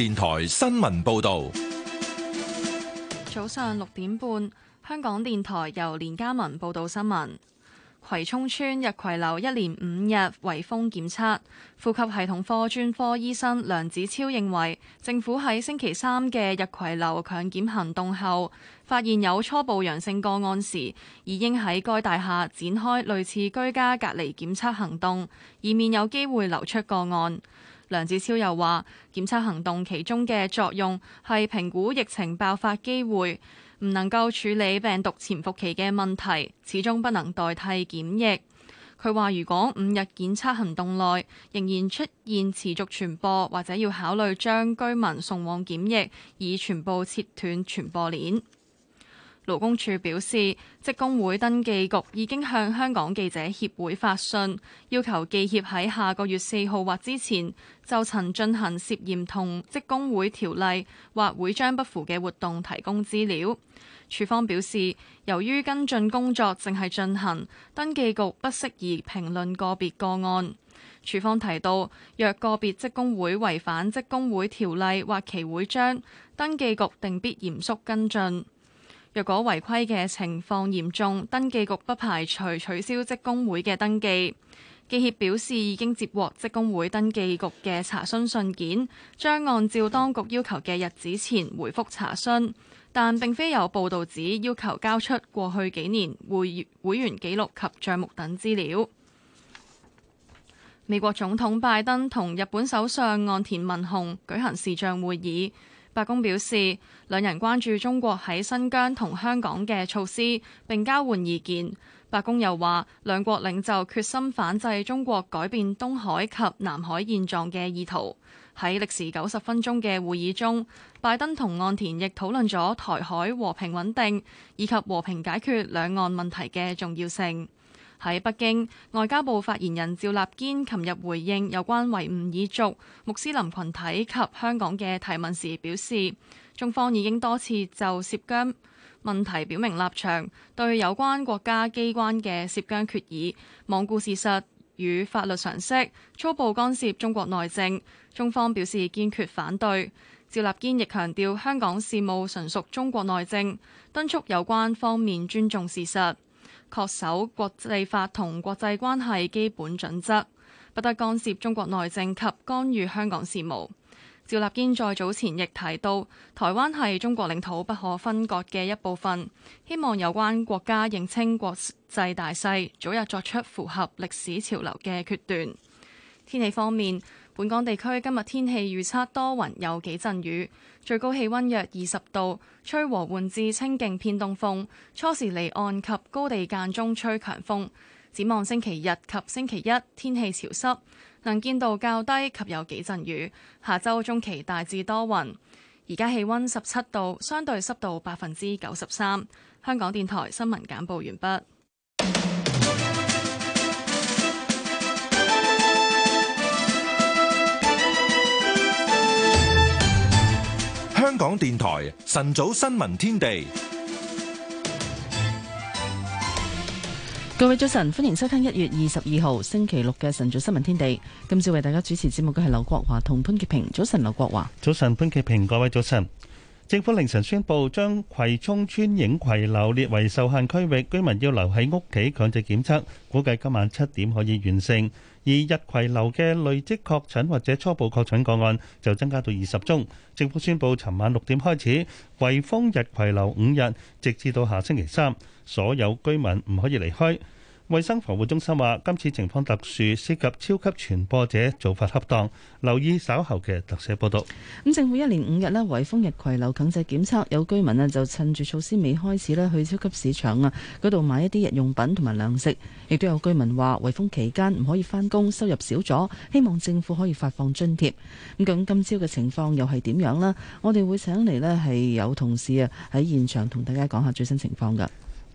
電台新聞報道：早上六點半，香港電台由連家文報道新聞。葵涌村日葵樓一連五日圍封檢測，呼吸系統科專科醫生梁子超認為，政府喺星期三嘅日葵樓強檢行動後，發現有初步陽性個案時，已經喺該大廈展開類似居家隔離檢測行動，以免有機會流出個案。梁子超又話：檢測行動其中嘅作用係評估疫情爆發機會，唔能夠處理病毒潛伏期嘅問題，始終不能代替檢疫。佢話：如果五日檢測行動內仍然出現持續傳播，或者要考慮將居民送往檢疫，已全部切斷傳播鏈。勞工處表示，職工會登記局已經向香港記者協會發信，要求記協喺下個月四號或之前就曾進行涉嫌同職工會條例或會章不符嘅活動提供資料。處方表示，由於跟進工作正在進行，登記局不適宜評論個別個案。處方提到，若個別職工會違反職工會條例或其會章，登記局定必嚴肅跟進。若果違規嘅情況嚴重，登記局不排除取消職工會嘅登記。記協表示已經接獲職工會登記局嘅查詢信件，將按照當局要求嘅日子前回覆查詢，但並非有報導指要求交出過去幾年會會員記錄及帳目等資料。美國總統拜登同日本首相岸田文雄舉行視像會議。白宮表示，兩人關注中國喺新疆同香港嘅措施，並交換意見。白宮又話，兩國領袖決心反制中國改變東海及南海現狀嘅意圖。喺歷時九十分鐘嘅會議中，拜登同岸田亦討論咗台海和平穩定，以及和平解決兩岸問題嘅重要性。喺北京，外交部發言人趙立堅琴日回應有關維吾爾族穆斯林群體及香港嘅提問時表示，中方已經多次就涉疆問題表明立場，對有關國家機關嘅涉疆決議、罔顧事實與法律常識、粗暴干涉中國內政，中方表示堅決反對。趙立堅亦強調，香港事務純屬中國內政，敦促有關方面尊重事實。恪守國際法同國際關係基本準則，不得干涉中國內政及干預香港事務。趙立堅在早前亦提到，台灣係中國領土不可分割嘅一部分，希望有關國家認清國際大勢，早日作出符合歷史潮流嘅決斷。天氣方面。本港地區今日天氣預測，多雲有幾陣雨，最高氣溫約二十度，吹和緩至清勁偏東風，初時離岸及高地間中吹強風。展望星期日及星期一天氣潮濕，能見度較低及有幾陣雨。下周中期大致多雲。而家氣溫十七度，相對濕度百分之九十三。香港電台新聞簡報完畢。香港電台晨早新聞天地，各位早晨，歡迎收聽一月二十二號星期六嘅晨早新聞天地。今次為大家主持節目嘅係劉國華同潘潔平。早晨，劉國華，早晨，潘潔平，各位早晨。政府凌晨宣佈，將葵涌村影葵樓列為受限區域，居民要留喺屋企強制檢測，估計今晚七點可以完成。而逸葵樓嘅累積確診或者初步確診個案就增加到二十宗。政府宣布尋晚六點開始，圍封逸葵樓五日，直至到下星期三，所有居民唔可以離開。衛生防護中心話今次情況特殊，涉及超級傳播者，做法恰當。留意稍後嘅特寫報道。咁政府一連五日咧圍封日攰留強制檢測，有居民咧就趁住措施未開始咧去超級市場啊嗰度買一啲日用品同埋糧食。亦都有居民話圍封期間唔可以翻工，收入少咗，希望政府可以發放津貼。咁究竟今朝嘅情況又係點樣呢？我哋會請嚟咧係有同事啊喺現場同大家講下最新情況噶。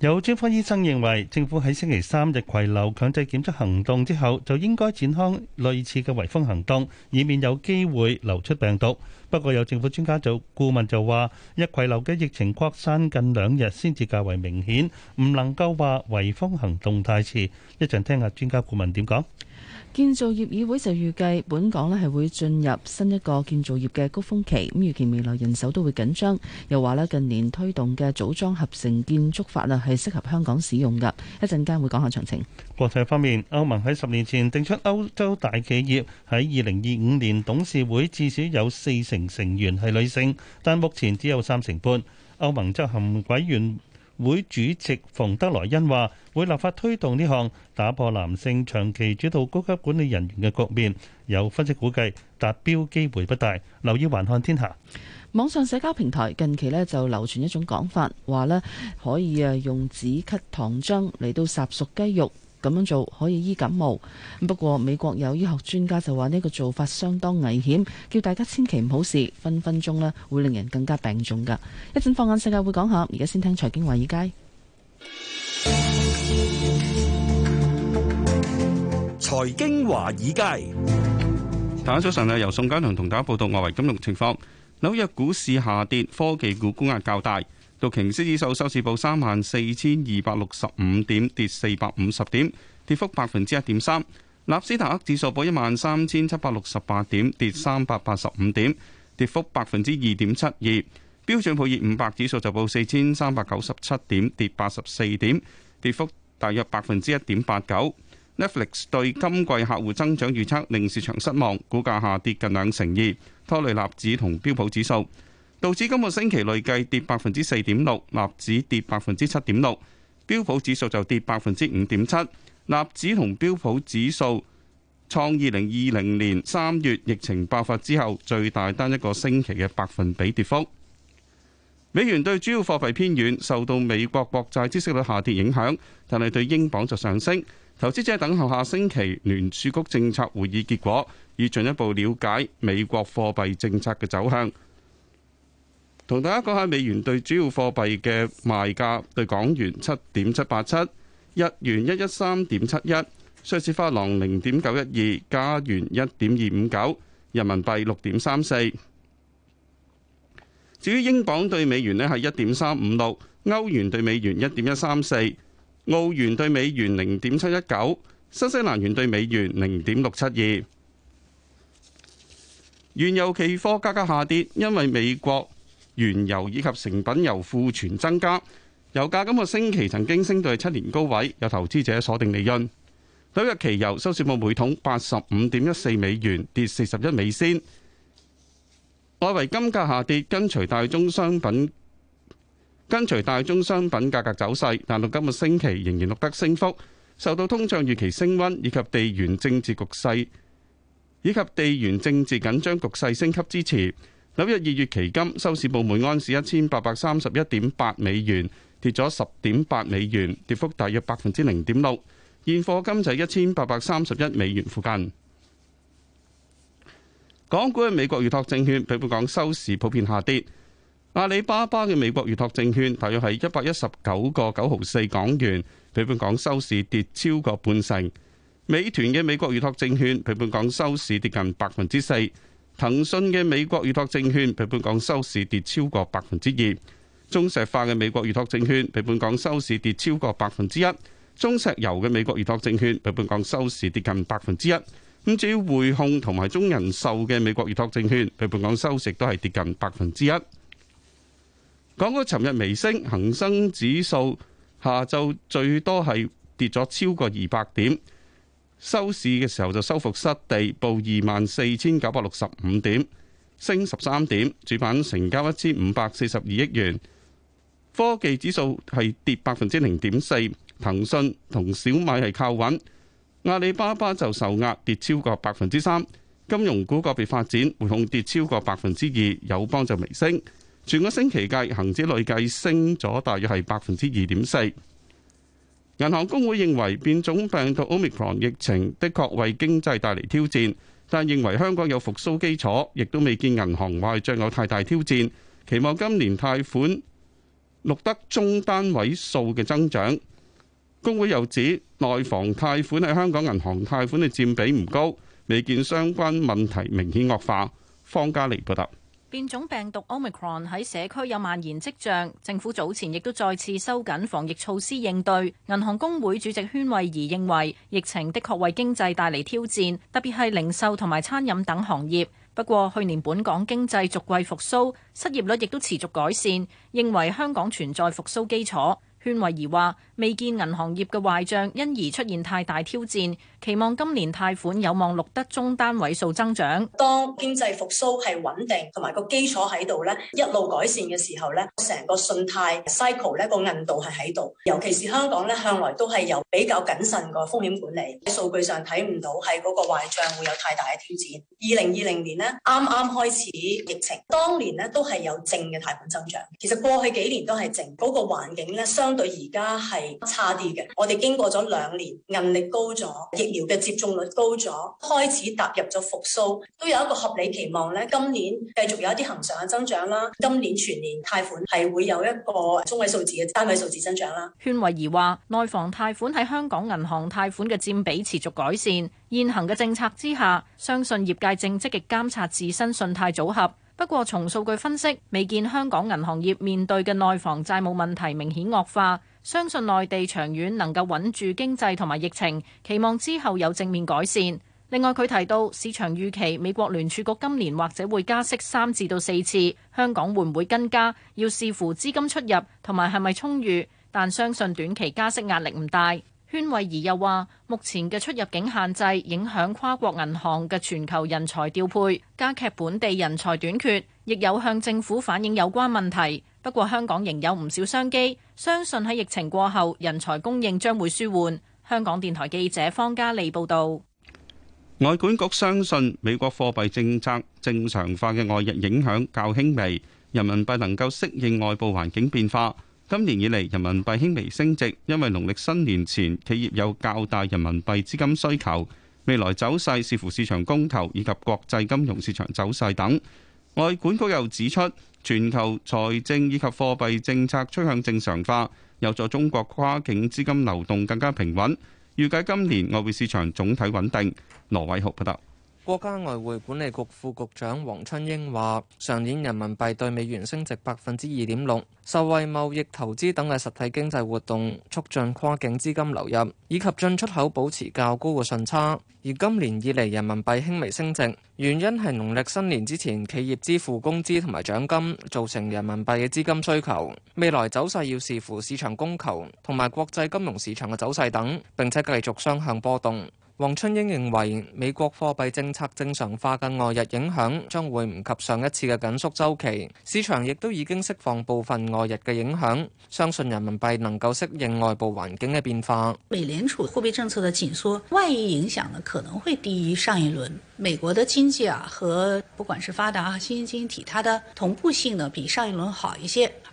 有專科醫生認為，政府喺星期三逸葵樓強制檢測行動之後，就應該展開類似嘅圍封行動，以免有機會流出病毒。不過，有政府專家組顧問就話，逸葵樓嘅疫情擴散近兩日先至較為明顯，唔能夠話圍封行動太遲。一陣聽一下專家顧問點講。建造業議會就預計本港咧係會進入新一個建造業嘅高峰期。咁預見未來人手都會緊張。又話咧近年推動嘅組裝合成建築法啊係適合香港使用噶，一陣間會講下詳情。國際方面，歐盟喺十年前定出歐洲大企業喺二零二五年董事會至少有四成成員係女性，但目前只有三成半。歐盟執行委員會主席馮德萊恩話會立法推動呢項，打破男性長期主導高級管理人員嘅局面。有分析估計達標機會不大。留意環看天下。網上社交平台近期呢就流傳一種講法，話呢可以啊用止咳糖漿嚟到烚熟雞肉。咁樣做可以醫感冒，不過美國有醫學專家就話呢個做法相當危險，叫大家千祈唔好試，分分鐘咧會令人更加病重噶。一陣放眼世界會講下，而家先聽財經華爾街。財經華爾街，爾街大家早晨啊！由宋嘉良同大家報道外圍金融情況，紐約股市下跌，科技股沽壓較大。道瓊斯指數收市報三萬四千二百六十五點，跌四百五十點，跌幅百分之一點三。納斯達克指數報一萬三千七百六十八點，跌三百八十五點，跌幅百分之二點七二。標準普爾五百指數就報四千三百九十七點，跌八十四點，跌幅大約百分之一點八九。Netflix 對今季客戶增長預測令市場失望，股價下跌近兩成二，拖累納指同標普指數。道指今個星期累計跌百分之四點六，納指跌百分之七點六，標普指數就跌百分之五點七，納指同標普指數創二零二零年三月疫情爆發之後最大單一個星期嘅百分比跌幅。美元對主要貨幣偏軟，受到美國國債孳息率下跌影響，但係對英鎊就上升。投資者等候下星期聯儲局政策會議結果，以進一步了解美國貨幣政策嘅走向。同大家講下美元對主要貨幣嘅賣價，對港元七點七八七，日元一一三點七一，瑞士法郎零點九一二，加元一點二五九，人民幣六點三四。至於英鎊對美元呢，係一點三五六，歐元對美元一點一三四，澳元對美元零點七一九，新西蘭元對美元零點六七二。原油期貨價格下跌，因為美國。原油以及成品油庫存增加，油價今個星期曾經升到係七年高位，有投資者鎖定利潤。紐約期油收市報每桶八十五點一四美元，跌四十一美仙。外圍金價下跌，跟隨大宗商品，跟隨大宗商品價格走勢，但到今個星期仍然錄得升幅，受到通脹預期升溫以及地緣政治局勢以及地緣政治緊張局勢升級支持。紐約二月期金收市報每安市一千八百三十一點八美元，跌咗十點八美元，跌幅大約百分之零點六。現貨金就一千八百三十一美元附近。港股嘅美國預託證券，比港收市普遍下跌。阿里巴巴嘅美國預託證券，大約係一百一十九個九毫四港元，比港收市跌超過半成。美團嘅美國預託證券，比港收市跌近百分之四。騰訊嘅美國預託證券比本港收市跌超過百分之二，中石化嘅美國預託證券比本港收市跌超過百分之一，中石油嘅美國預託證券比本港收市跌近百分之一。咁至於匯控同埋中人壽嘅美國預託證券比本港收市都係跌近百分之一。港股尋日微升，恒生指數下晝最多係跌咗超過二百點。收市嘅時候就收復失地，報二萬四千九百六十五點，升十三點，主板成交一千五百四十二億元。科技指數係跌百分之零點四，騰訊同小米係靠穩，阿里巴巴就受壓跌超過百分之三。金融股個別發展，匯控跌超過百分之二，友邦就微升。全個星期計，恒指累計升咗大約係百分之二點四。銀行公會認為變種病毒 Omicron 疫情的確為經濟帶嚟挑戰，但認為香港有復甦基礎，亦都未見銀行壞賬有太大挑戰。期望今年貸款錄得中單位數嘅增長。公會又指內房貸款喺香港銀行貸款嘅佔比唔高，未見相關問題明顯惡化。方家莉報道。變種病毒 Omicron 喺社區有蔓延跡象，政府早前亦都再次收緊防疫措施應對。銀行公會主席禤惠儀認為，疫情的確為經濟帶嚟挑戰，特別係零售同埋餐飲等行業。不過去年本港經濟逐季復甦，失業率亦都持續改善，認為香港存在復甦基礎。禤惠儀話：未見銀行業嘅壞帳，因而出現太大挑戰。期望今年貸款有望錄得中單位數增長。當經濟復甦係穩定同埋個基礎喺度，呢一路改善嘅時候呢，成個信貸 cycle 呢個韌度係喺度。尤其是香港呢，向來都係有比較謹慎個風險管理。喺數據上睇唔到係嗰個壞帳會有太大嘅挑戰。二零二零年呢，啱啱開始疫情，當年呢都係有正嘅貸款增長。其實過去幾年都係正，嗰、那個環境呢，相對而家係差啲嘅。我哋經過咗兩年韌力高咗，嘅接種率高咗，開始踏入咗復甦，都有一個合理期望咧。今年繼續有一啲恒常嘅增長啦。今年全年貸款係會有一個中位數字嘅單位數字增長啦。禤慧儀話：內房貸款喺香港銀行貸款嘅佔比持續改善，現行嘅政策之下，相信業界正積極監察自身信貸組合。不過，從數據分析，未見香港銀行業面對嘅內房債務問題明顯惡化。相信內地長遠能夠穩住經濟同埋疫情，期望之後有正面改善。另外佢提到市場預期美國聯儲局今年或者會加息三至到四次，香港會唔會跟加要視乎資金出入同埋係咪充裕，但相信短期加息壓力唔大。禤惠儀又話：目前嘅出入境限制影響跨國銀行嘅全球人才調配，加劇本地人才短缺，亦有向政府反映有關問題。不過，香港仍有唔少商機，相信喺疫情過後，人才供應將會舒緩。香港電台記者方嘉莉報道。外管局相信美國貨幣政策正常化嘅外溢影響較輕微，人民幣能夠適應外部環境變化。今年以嚟，人民幣輕微升值，因為農曆新年前企業有較大人民幣資金需求。未來走勢視乎市場供求以及國際金融市場走勢等。外管局又指出，全球財政以及貨幣政策趨向正常化，有助中國跨境資金流動更加平穩，預計今年外匯市場總體穩定。羅偉豪報道。國家外匯管理局副局長黃春英話：上年人民幣對美元升值百分之二點六，受惠貿易、投資等嘅實體經濟活動，促進跨境資金流入，以及進出口保持較高嘅順差。而今年以嚟人民幣輕微升值，原因係農曆新年之前企業支付工資同埋獎金，造成人民幣嘅資金需求。未來走勢要視乎市場供求同埋國際金融市場嘅走勢等，並且繼續雙向波動。王春英認為，美國貨幣政策正常化嘅外溢影響將會唔及上一次嘅緊縮周期，市場亦都已經釋放部分外溢嘅影響，相信人民幣能夠適應外部環境嘅變化。美聯儲貨幣政策的緊縮外溢影響呢可能會低於上一輪。美國的經濟啊和不管是發達啊新興經濟體，它的同步性呢比上一輪好一些。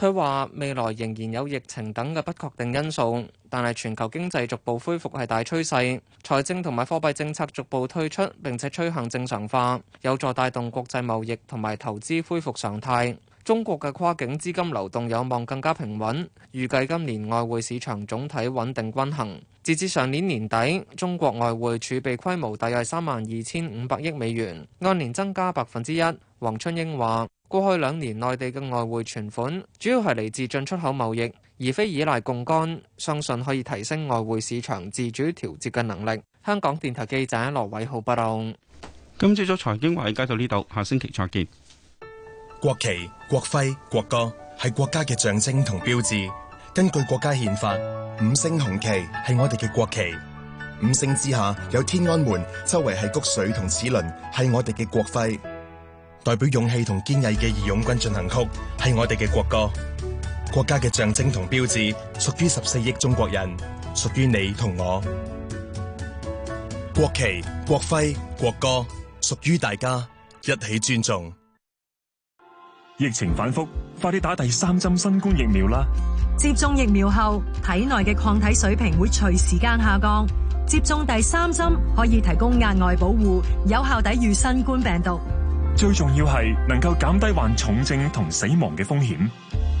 佢話：未來仍然有疫情等嘅不確定因素，但係全球經濟逐步恢復係大趨勢，財政同埋貨幣政策逐步退出並且趨向正常化，有助帶動國際貿易同埋投資恢復常態。中國嘅跨境資金流動有望更加平穩，預計今年外匯市場總體穩定均衡。截至上年年底，中國外匯儲備規模大約三萬二千五百億美元，按年增加百分之一。黃春英話。過去兩年內地嘅外匯存款主要係嚟自進出口貿易，而非依賴槓桿，相信可以提升外匯市場自主調節嘅能力。香港電台記者羅偉浩報道。今朝早財經話題到呢度，下星期再見。國旗、國徽、國歌係國家嘅象徵同標誌。根據國家憲法，五星紅旗係我哋嘅國旗，五星之下有天安門，周圍係穀穗同齒輪，係我哋嘅國徽。代表勇氣同堅毅嘅《義勇軍進行曲》係我哋嘅國歌，國家嘅象徵同標誌，屬於十四億中國人，屬於你同我。國旗、國徽、國歌，屬於大家，一起尊重。疫情反複，快啲打第三針新冠疫苗啦！接種疫苗後，體內嘅抗體水平會隨時間下降。接種第三針可以提供額外保護，有效抵禦新冠病毒。最重要係能夠減低患重症同死亡嘅風險。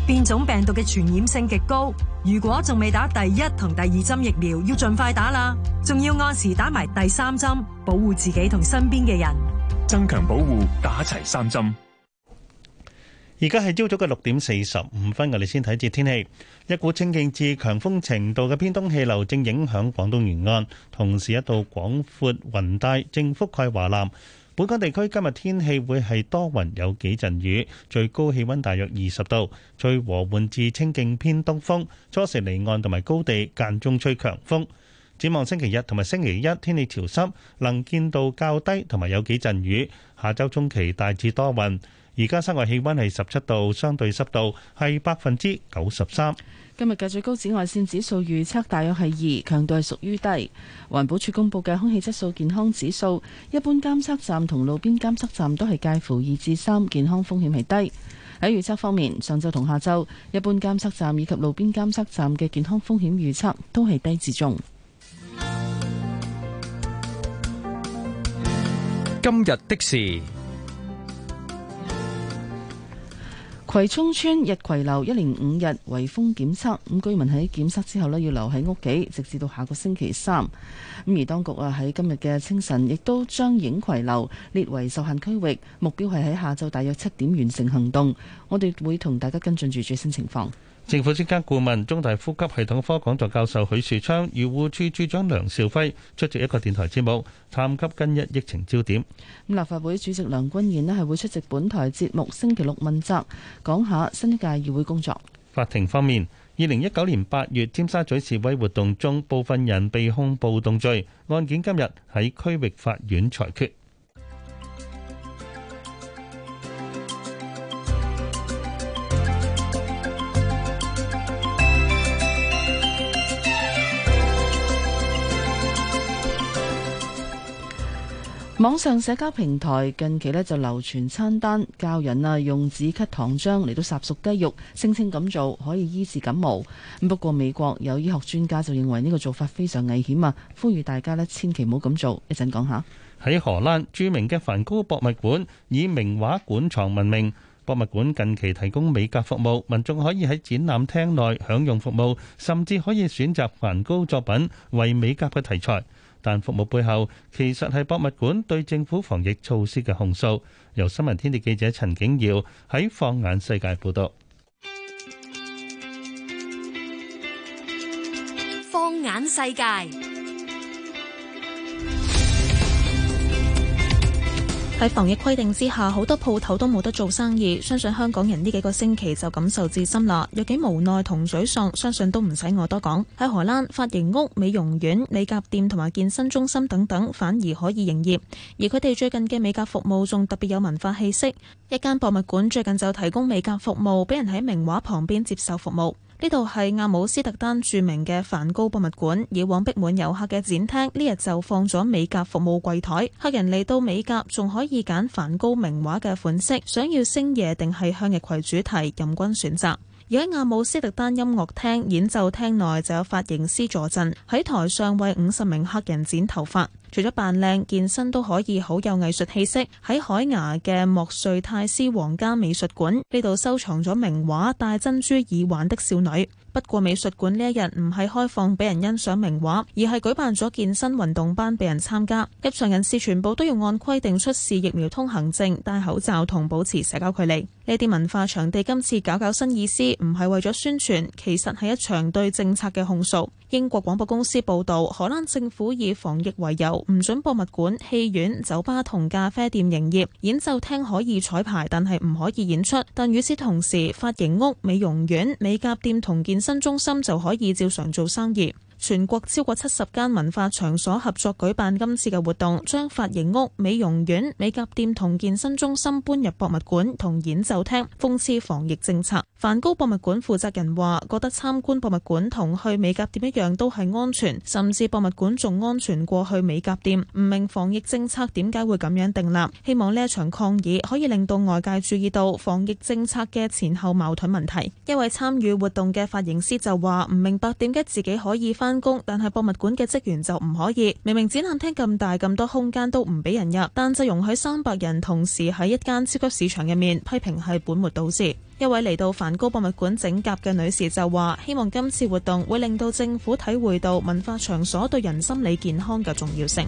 變種病毒嘅傳染性極高，如果仲未打第一同第二針疫苗，要盡快打啦。仲要按時打埋第三針，保護自己同身邊嘅人。增強保護，打齊三針。而家係朝早嘅六點四十五分，我哋先睇一節天氣。一股清勁至強風程度嘅偏東氣流正影響廣東沿岸，同時一道廣闊雲帶正覆蓋華南。.本港地區今日天，天氣會係多雲有幾陣雨，最高氣温大約二十度，吹和緩至清勁偏東風，初時離岸同埋高地間中吹強風。展望星期日同埋星期一天氣潮濕，能見度較低同埋有幾陣雨。下周中期大致多雲。而家室外氣温係十七度，相對濕度係百分之九十三。今日嘅最高紫外線指數預測大約係二，強度係屬於低。環保署公布嘅空氣質素健康指數，一般監測站同路邊監測站都係介乎二至三，健康風險係低。喺預測方面，上晝同下晝，一般監測站以及路邊監測站嘅健康風險預測都係低至中。今日的事。葵涌村日葵樓一連五日圍封檢測，咁居民喺檢測之後呢要留喺屋企，直至到下個星期三。咁而當局啊喺今日嘅清晨亦都將影葵樓列為受限區域，目標係喺下晝大約七點完成行動。我哋會同大家跟進住最新情況。政府專家顧問、中大呼吸系統科講座教授許樹昌、漁護署署長梁兆輝出席一個電台節目，探及今日疫情焦點。咁立法會主席梁君彥咧係會出席本台節目，星期六問責，講下新一屆議會工作。法庭方面，二零一九年八月尖沙咀示威活動中，部分人被控暴動罪，案件今日喺區域法院裁決。網上社交平台近期咧就流傳餐單，教人啊用止咳糖漿嚟到烚熟雞肉，聲稱咁做可以醫治感冒。不過美國有醫學專家就認為呢個做法非常危險啊，呼籲大家咧千祈唔好咁做。講一陣講下。喺荷蘭，著名嘅梵高博物館以名畫館藏聞名。博物館近期提供美甲服務，民眾可以喺展覽廳內享用服務，甚至可以選擇梵高作品為美甲嘅題材。但服務背後其實係博物館對政府防疫措施嘅控訴。由新聞天地記者陳景耀喺《放眼世界》報道。放眼世界。喺防疫規定之下，好多鋪頭都冇得做生意，相信香港人呢幾個星期就感受至深啦。有幾無奈同沮喪，相信都唔使我多講。喺荷蘭，髮型屋、美容院、美甲店同埋健身中心等等反而可以營業，而佢哋最近嘅美甲服務仲特別有文化氣息。一間博物館最近就提供美甲服務，畀人喺名畫旁邊接受服務。呢度係阿姆斯特丹著名嘅梵高博物館，以往逼滿遊客嘅展廳，呢日就放咗美甲服務櫃台。客人嚟到美甲，仲可以揀梵高名畫嘅款式，想要星夜定係向日葵主題，任君選擇。而喺阿姆斯特丹音樂廳演奏廳內，就有髮型師助陣，喺台上為五十名客人剪頭髮。除咗扮靚健身都可以好有藝術氣息，喺海牙嘅莫瑞泰斯皇家美術館呢度收藏咗名畫《戴珍珠耳環的少女》。不過美術館呢一日唔係開放俾人欣賞名畫，而係舉辦咗健身運動班俾人參加。入場人士全部都要按規定出示疫苗通行證、戴口罩同保持社交距離。呢啲文化場地今次搞搞新意思，唔係為咗宣傳，其實係一場對政策嘅控訴。英國廣播公司報道，荷蘭政府以防疫為由，唔准博物館、戲院、酒吧同咖啡店營業，演奏廳可以彩排，但係唔可以演出。但與此同時，髮型屋、美容院、美甲店同健身中心就可以照常做生意。全國超過七十間文化場所合作舉辦今次嘅活動，將髮型屋、美容院、美甲店同健身中心搬入博物館同演奏廳，諷刺防疫政策。梵高博物館負責人話：覺得參觀博物館同去美甲店一樣都係安全，甚至博物館仲安全過去美甲店。唔明防疫政策點解會咁樣訂立，希望呢一場抗議可以令到外界注意到防疫政策嘅前後矛盾問題。一位參與活動嘅髮型師就話：唔明白點解自己可以翻。但係博物館嘅職員就唔可以，明明展覽廳咁大咁多空間都唔俾人入，但就容許三百人同時喺一間超級市場入面批評係本末倒置。一位嚟到梵高博物館整甲嘅女士就話，希望今次活動會令到政府體會到文化場所對人心理健康嘅重要性。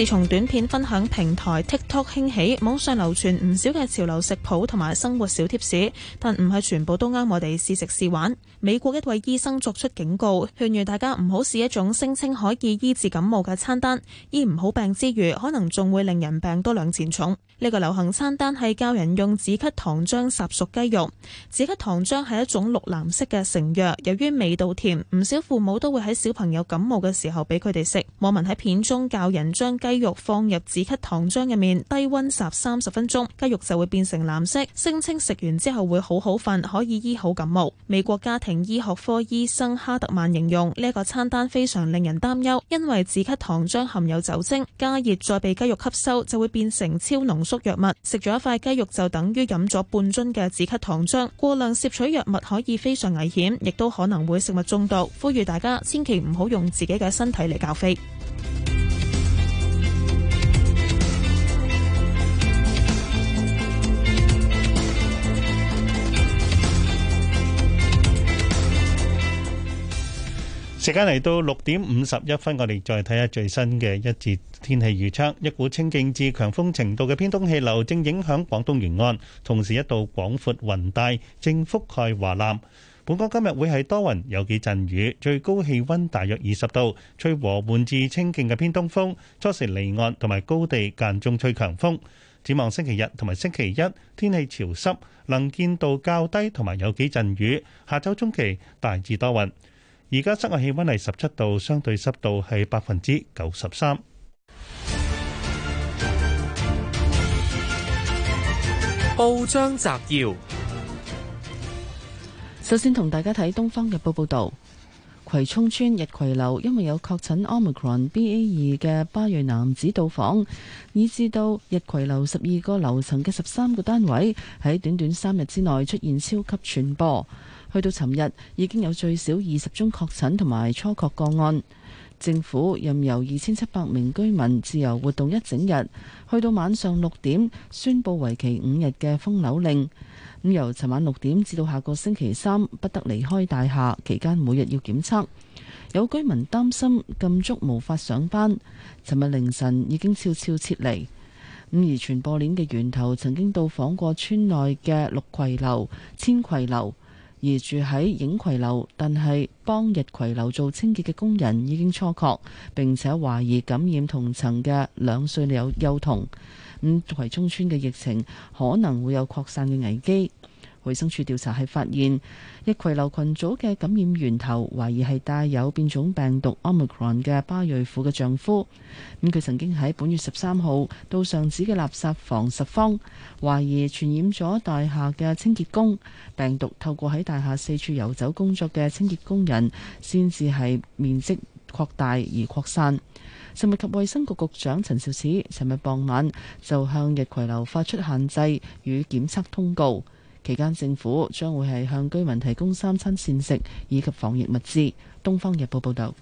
自從短片分享平台 TikTok 興起，網上流傳唔少嘅潮流食譜同埋生活小貼士，但唔係全部都啱我哋試食試玩。美國一位醫生作出警告，勸喻大家唔好試一種聲稱可以醫治感冒嘅餐單，醫唔好病之餘，可能仲會令人病多兩錢重。呢個流行餐單係教人用止咳糖漿烚熟雞肉。止咳糖漿係一種綠藍色嘅成藥，由於味道甜，唔少父母都會喺小朋友感冒嘅時候俾佢哋食。網民喺片中教人將雞雞肉放入止咳糖漿入面，低溫烚三十分鐘，雞肉就會變成藍色。聲稱食完之後會好好瞓，可以醫好感冒。美國家庭醫學科醫生哈特曼形容呢一個餐單非常令人擔憂，因為止咳糖漿含有酒精，加熱再被雞肉吸收就會變成超濃縮藥物。食咗一塊雞肉就等於飲咗半樽嘅止咳糖漿。過量攝取藥物可以非常危險，亦都可能會食物中毒。呼籲大家千祈唔好用自己嘅身體嚟教飛。時間嚟到六點五十一分，我哋再睇下最新嘅一節天氣預測。一股清勁至強風程度嘅偏東氣流正影響廣東沿岸，同時一道廣闊雲帶正覆蓋華南。本港今日會係多雲，有幾陣雨，最高氣温大約二十度，吹和緩至清勁嘅偏東風。初時離岸同埋高地間中吹強風。展望星期日同埋星期一天氣潮濕，能見度較低，同埋有幾陣雨。下周中期大致多雲。而家室外氣溫係十七度，相對濕度係百分之九十三。報章摘要：首先同大家睇《東方日報》報道，葵涌村日葵樓因為有確診 Omicron BA 二嘅巴裔男子到訪，以至到日葵樓十二個樓層嘅十三個單位喺短短三日之內出現超級傳播。去到尋日已經有最少二十宗確診同埋初確個案，政府任由二千七百名居民自由活動一整日，去到晚上六點宣布為期五日嘅封樓令。咁由尋晚六點至到下個星期三不得離開大廈，期間每日要檢測。有居民擔心禁足無法上班，尋日凌晨已經悄悄撤離。咁而傳播鏈嘅源頭曾經到訪過村內嘅六葵樓、千葵樓。而住喺影葵樓，但係幫日葵樓做清潔嘅工人已經初確，並且懷疑感染同層嘅兩歲嘅幼童。咁葵涌村嘅疫情可能會有擴散嘅危機。衛生署調查係發現，日葵流群組嘅感染源頭懷疑係帶有變種病毒 omicron 嘅巴瑞夫嘅丈夫。咁佢曾經喺本月十三號到上址嘅垃圾房拾荒，懷疑傳染咗大廈嘅清潔工。病毒透過喺大廈四處游走工作嘅清潔工人，先至係面積擴大而擴散。食物及衛生局局長陳肇始，尋日傍晚就向日葵流發出限制與檢測通告。期間政府將會係向居民提供三餐膳食以及防疫物資。《東方日報》報導，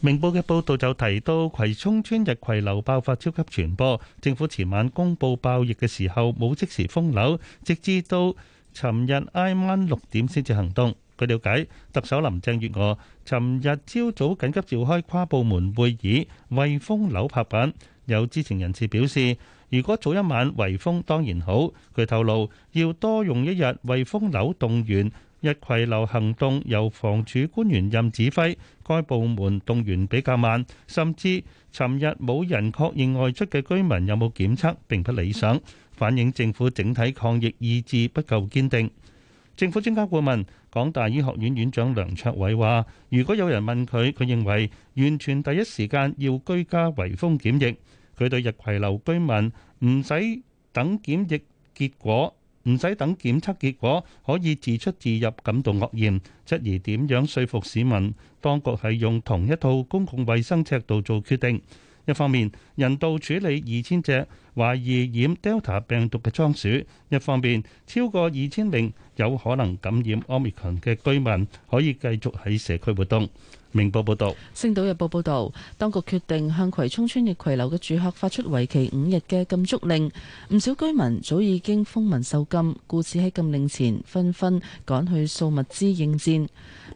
明報嘅報導就提到葵涌村日葵樓爆發超級傳播，政府前晚公布爆疫嘅時候冇即時封樓，直至到尋日挨晚六點先至行動。據了解，特首林鄭月娥尋日朝早緊急召開跨部門會議，為封樓拍板。有知情人士表示。如果早一晚圍封當然好。佢透露要多用一日圍封樓動員逸葵樓行動，由房署官員任指揮。該部門動員比較慢，甚至尋日冇人確認外出嘅居民有冇檢測，並不理想，反映政府整體抗疫意志不夠堅定。政府專家顧問、港大醫學院院長梁卓偉話，如果有人問佢，佢認為完全第一時間要居家圍封檢疫。佢對日葵樓居民唔使等檢疫結果，唔使等檢測結果，可以自出自入，感到愕然。質疑點樣説服市民，當局係用同一套公共衛生尺度做決定。一方面，人道處理二千隻懷疑染 Delta 病毒嘅倉鼠；一方面，超過二千名有可能感染 Omicron 嘅居民可以繼續喺社區活動。明報報道，星島日報報道，當局決定向葵涌邨映葵樓嘅住客發出為期五日嘅禁足令。唔少居民早已經風聞受禁，故此喺禁令前紛紛趕去掃物資應戰。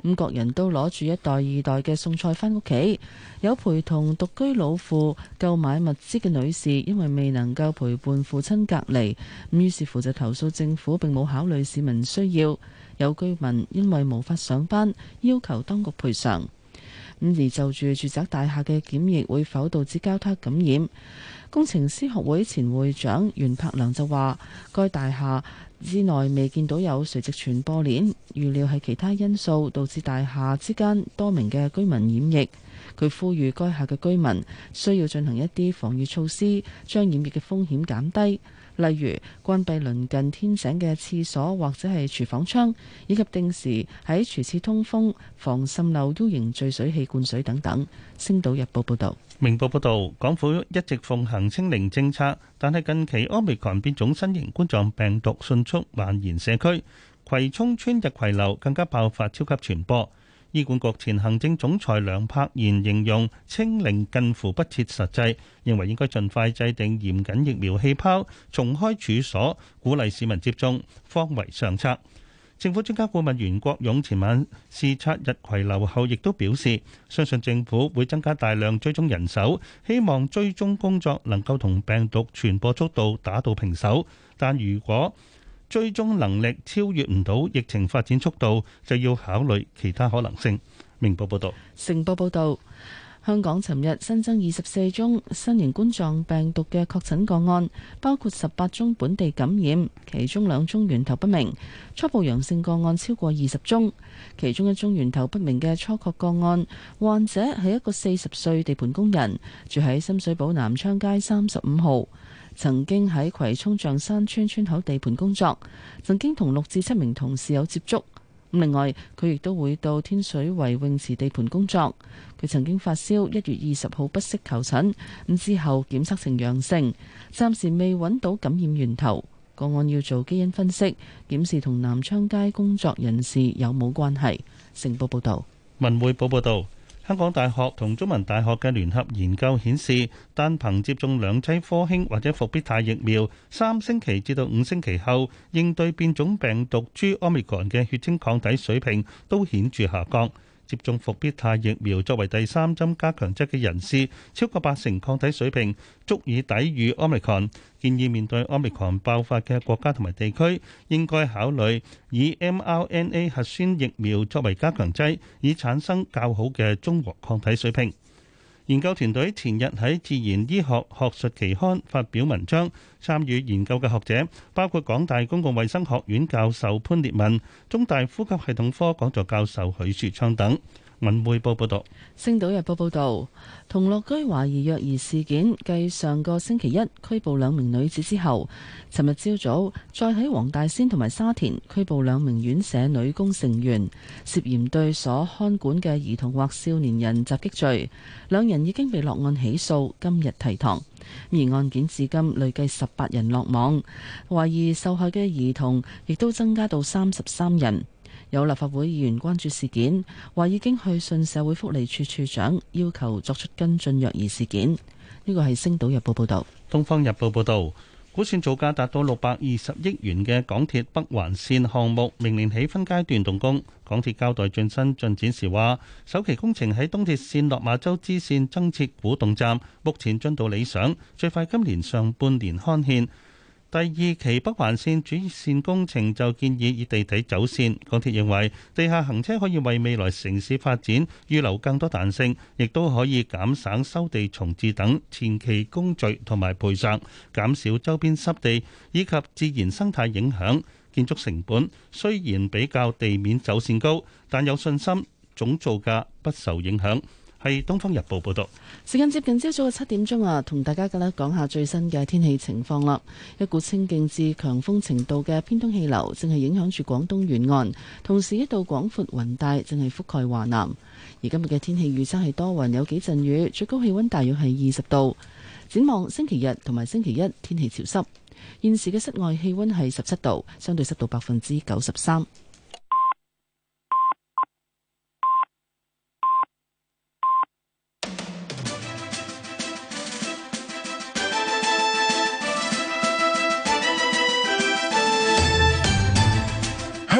咁各人都攞住一袋、二袋嘅餸菜返屋企。有陪同獨居老婦購買物資嘅女士，因為未能夠陪伴父親隔離，咁於是乎就投訴政府，並冇考慮市民需要。有居民因為無法上班，要求當局賠償。咁而就住住宅大廈嘅檢疫會否導致交叉感染？工程師學會前會長袁柏良就話，該大廈之內未見到有垂直傳播鏈，預料係其他因素導致大廈之間多名嘅居民染疫。佢呼籲該下嘅居民需要進行一啲防禦措施，將染疫嘅風險減低。例如關閉鄰近天井嘅廁所或者係廚房窗，以及定時喺廚廁通風、防滲漏 U 型聚水器灌水，水等等。星島日報報道：「明報報道，港府一直奉行清零政策，但係近期 Omicron 變種新型冠狀病毒迅速蔓延社區，葵涌村逸葵樓更加爆發超級傳播。醫管局前行政總裁梁柏賢形容清零近乎不切實際，認為應該盡快制定嚴謹疫苗氣泡，重開處所，鼓勵市民接種，方為上策。政府專家顧問袁國勇前晚視察逸葵樓後，亦都表示相信政府會增加大量追蹤人手，希望追蹤工作能夠同病毒傳播速度打到平手。但如果追蹤能力超越唔到疫情發展速度，就要考慮其他可能性。明報報道，成報報道，香港尋日新增二十四宗新型冠狀病毒嘅確診個案，包括十八宗本地感染，其中兩宗源頭不明。初步陽性個案超過二十宗，其中一宗源頭不明嘅初確個案，患者係一個四十歲地盤工人，住喺深水埗南昌街三十五號。曾經喺葵涌象山村村口地盤工作，曾經同六至七名同事有接觸。另外，佢亦都會到天水圍泳池地盤工作。佢曾經發燒，一月二十號不適求診，咁之後檢測成陽性，暫時未揾到感染源頭。個案要做基因分析，檢視同南昌街工作人士有冇關係。成報報道，文匯報報道。香港大學同中文大學嘅聯合研究顯示，單憑接種兩劑科興或者復必泰疫苗，三星期至到五星期後，應對變種病毒株奧密克戎嘅血清抗體水平都顯著下降。接種復必泰疫苗作為第三針加強劑嘅人士，超過八成抗體水平足以抵禦 Omicron。建議面對 Omicron 爆發嘅國家同埋地區，應該考慮以 mRNA 核酸疫苗作為加強劑，以產生較好嘅中和抗體水平。研究團隊前日喺《自然醫學學術期刊》發表文章，參與研究嘅學者包括港大公共衛生學院教授潘烈文、中大呼吸系統科講座教授許樹昌等。文匯報報道，星島日報報道。同樂居懷疑虐兒事件，繼上個星期一拘捕兩名女子之後，尋日朝早再喺黃大仙同埋沙田拘捕兩名院舍女工成員，涉嫌對所看管嘅兒童或少年人襲擊罪，兩人已經被落案起訴，今日提堂。而案件至今累計十八人落網，懷疑受害嘅兒童亦都增加到三十三人。有立法會議員關注事件，話已經去信社會福利署署長，要求作出跟進虐兒事件。呢個係《星島日報，報道》報導，《東方日報》報導，估算造價達到六百二十億元嘅港鐵北環線項目，明年起分階段動工。港鐵交代進新進展時話，首期工程喺東鐵線落馬洲支線增設古洞站，目前進度理想，最快今年上半年刊憲。第二期北環線主線工程就建議以地底走線。港鐵認為地下行車可以為未來城市發展預留更多彈性，亦都可以減省收地重置等前期工序同埋賠償，減少周邊濕地以及自然生態影響。建築成本雖然比較地面走線高，但有信心總造價不受影響。係《東方日報》報道，時間接近朝早嘅七點鐘啊，同大家嘅咧講下最新嘅天氣情況啦。一股清勁至強風程度嘅偏東氣流正係影響住廣東沿岸，同時一道廣闊雲帶正係覆蓋華南。而今日嘅天氣預測係多雲，有幾陣雨，最高氣溫大約係二十度。展望星期日同埋星期一天氣潮濕。現時嘅室外氣溫係十七度，相對濕度百分之九十三。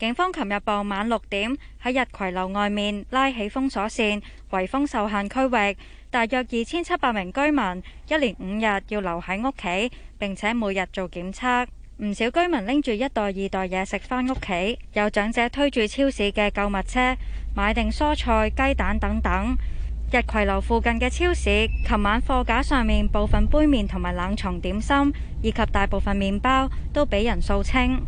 警方琴日傍晚六點喺日葵樓外面拉起封鎖線，圍封受限區域，大約二千七百名居民一連五日要留喺屋企，並且每日做檢測。唔少居民拎住一袋、二袋嘢食返屋企，有長者推住超市嘅購物車，買定蔬菜、雞蛋等等。日葵樓附近嘅超市，琴晚貨架上面部分杯麵同埋冷藏點心，以及大部分麵包都俾人掃清。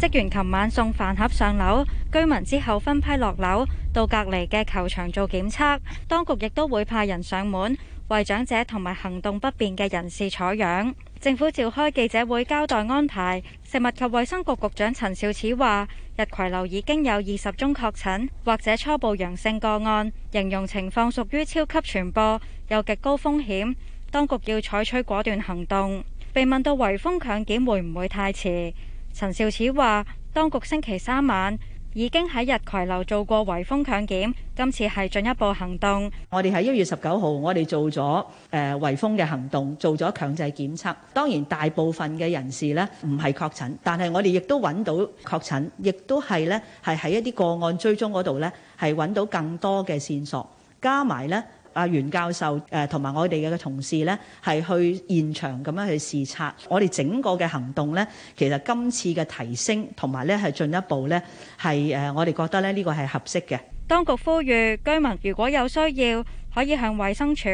職員琴晚送飯盒上樓，居民之後分批落樓到隔籬嘅球場做檢測。當局亦都會派人上門為長者同埋行動不便嘅人士採樣。政府召開記者會交代安排。食物及衛生局局長陳肇始話，日葵樓已經有二十宗確診或者初步陽性個案，形容情況屬於超級傳播，有極高風險。當局要採取果斷行動。被問到圍封強檢會唔會太遲？陳肇始話，當局星期三晚已經喺日葵樓做過圍封強檢，今次係進一步行動。我哋喺一月十九號，我哋做咗誒圍封嘅行動，做咗強制檢測。當然，大部分嘅人士咧唔係確診，但係我哋亦都揾到確診，亦都係咧係喺一啲個案追蹤嗰度咧係揾到更多嘅線索，加埋咧。阿袁教授誒同埋我哋嘅同事咧，係去現場咁樣去視察，我哋整個嘅行動咧，其實今次嘅提升同埋咧係進一步咧係誒我哋覺得咧呢個係合適嘅。當局呼籲居民如果有需要，可以向衛生署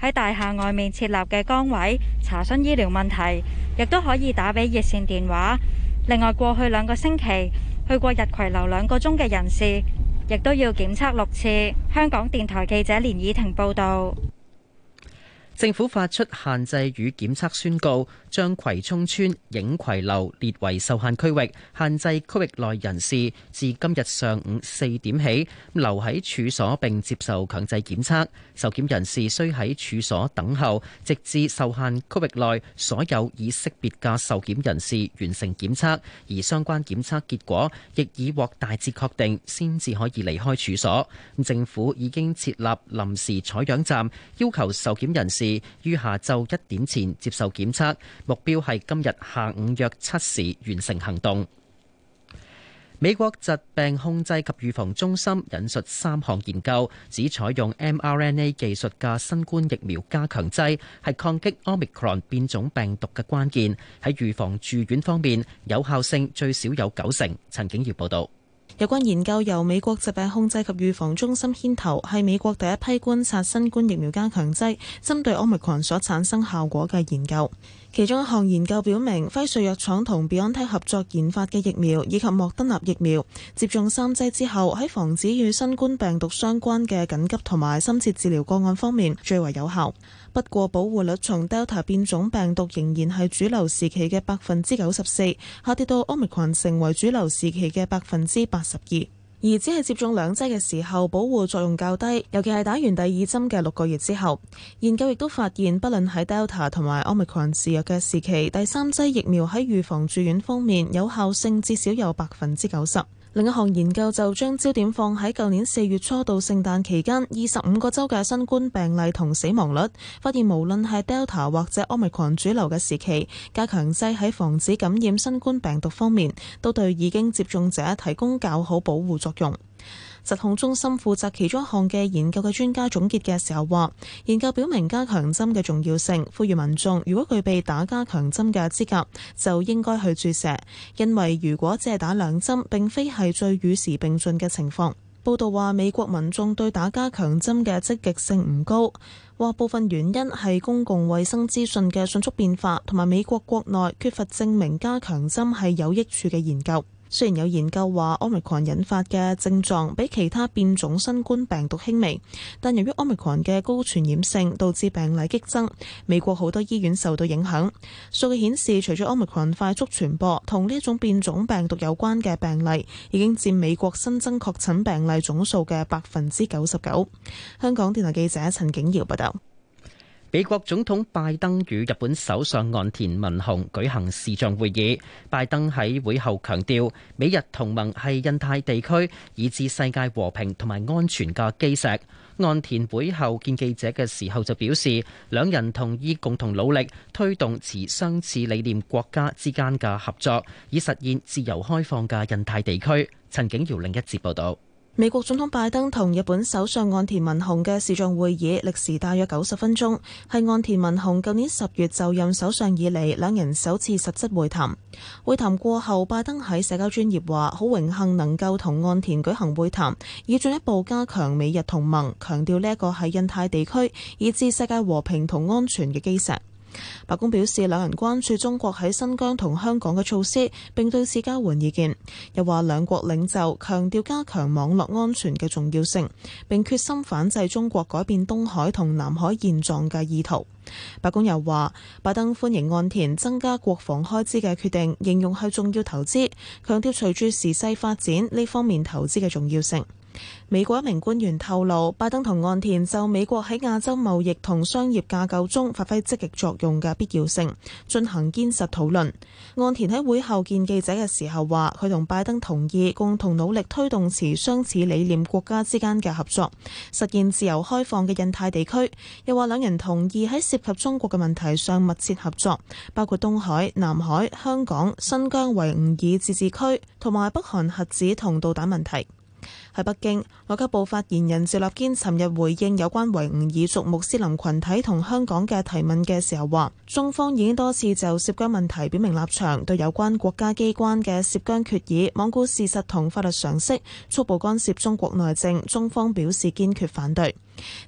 喺大廈外面設立嘅崗位查詢醫療問題，亦都可以打俾熱線電話。另外，過去兩個星期去過日葵樓兩個鐘嘅人士。亦都要檢測六次。香港電台記者連以婷報導，政府發出限制與檢測宣告。將葵涌村影葵樓列為受限區域，限制區域內人士自今日上午四點起留喺處所並接受強制檢測。受檢人士需喺處所等候，直至受限區域內所有已識別嘅受檢人士完成檢測，而相關檢測結果亦已獲大致確定，先至可以離開處所。政府已經設立臨時採樣站，要求受檢人士於下晝一點前接受檢測。目標係今日下午約七時完成行動。美國疾病控制及預防中心引述三項研究，指採用 mRNA 技術嘅新冠疫苗加強劑係抗擊 Omicron 變種病毒嘅關鍵，喺預防住院方面有效性最少有九成。陳景耀報導，有關研究由美國疾病控制及預防中心牽頭，係美國第一批觀察新冠疫苗加強劑針對 Omicron 所產生效果嘅研究。其中一項研究表明，輝瑞藥廠同 BioNTech 合作研發嘅疫苗，以及莫德納疫苗，接種三劑之後，喺防止與新冠病毒相關嘅緊急同埋深切治療個案方面，最為有效。不過，保護率從 Delta 變種病毒仍然係主流時期嘅百分之九十四，下跌到奧密克戎成為主流時期嘅百分之八十二。而只係接種兩劑嘅時候，保護作用較低，尤其係打完第二針嘅六個月之後。研究亦都發現，不論喺 Delta 同埋 Omicron 肆虐嘅時期，第三劑疫苗喺預防住院方面有效性至少有百分之九十。另一項研究就將焦點放喺舊年四月初到聖誕期間二十五個州嘅新冠病例同死亡率，發現無論係 Delta 或者 Omicron 主流嘅時期，加強劑喺防止感染新冠病毒方面，都對已經接種者提供較好保護作用。疾控中心負責其中一項嘅研究嘅專家總結嘅時候話，研究表明加強針嘅重要性，呼籲民眾如果具備打加強針嘅資格，就應該去注射，因為如果只係打兩針，並非係最與時並進嘅情況。報道話美國民眾對打加強針嘅積極性唔高，話部分原因係公共衛生資訊嘅迅速變化，同埋美國國內缺乏證明加強針係有益處嘅研究。雖然有研究話，Omicron 引發嘅症狀比其他變種新冠病毒輕微，但由於 Omicron 嘅高傳染性，導致病例激增，美國好多醫院受到影響。數據顯示，除咗 Omicron 快速傳播，同呢一種變種病毒有關嘅病例已經佔美國新增確診病例總數嘅百分之九十九。香港電台記者陳景堯報道。美國總統拜登與日本首相岸田文雄舉行視像會議，拜登喺會後強調，美日同盟係印太地區以至世界和平同埋安全嘅基石。岸田會後見記者嘅時候就表示，兩人同意共同努力推動持相似理念國家之間嘅合作，以實現自由開放嘅印太地區。陳景堯另一節報道。美國總統拜登同日本首相岸田文雄嘅視像會議歷時大約九十分鐘，係岸田文雄舊年十月就任首相以嚟兩人首次實質會談。會談過後，拜登喺社交專業話：好榮幸能夠同岸田舉行會談，以進一步加強美日同盟，強調呢一個係印太地區以至世界和平同安全嘅基石。白宮表示，兩人關注中國喺新疆同香港嘅措施，并對此交換意見。又話兩國領袖強調加強網絡安全嘅重要性，并決心反制中國改變東海同南海現狀嘅意圖。白宮又話，拜登歡迎岸田增加國防開支嘅決定，形容係重要投資，強調隨住時勢發展呢方面投資嘅重要性。美國一名官員透露，拜登同岸田就美國喺亞洲貿易同商業架構中發揮積極作用嘅必要性進行堅實討論。岸田喺會後見記者嘅時候話，佢同拜登同意共同努力推動持相似理念國家之間嘅合作，實現自由開放嘅印太地區。又話兩人同意喺涉及中國嘅問題上密切合作，包括東海、南海、香港、新疆維吾爾自治區同埋北韓核子同導彈問題。喺北京，外交部發言人趙立堅尋日回應有關維吾爾族穆斯林群體同香港嘅提問嘅時候話，中方已經多次就涉疆問題表明立場，對有關國家機關嘅涉疆決議罔顧事實同法律常識，粗暴干涉中國內政，中方表示堅決反對。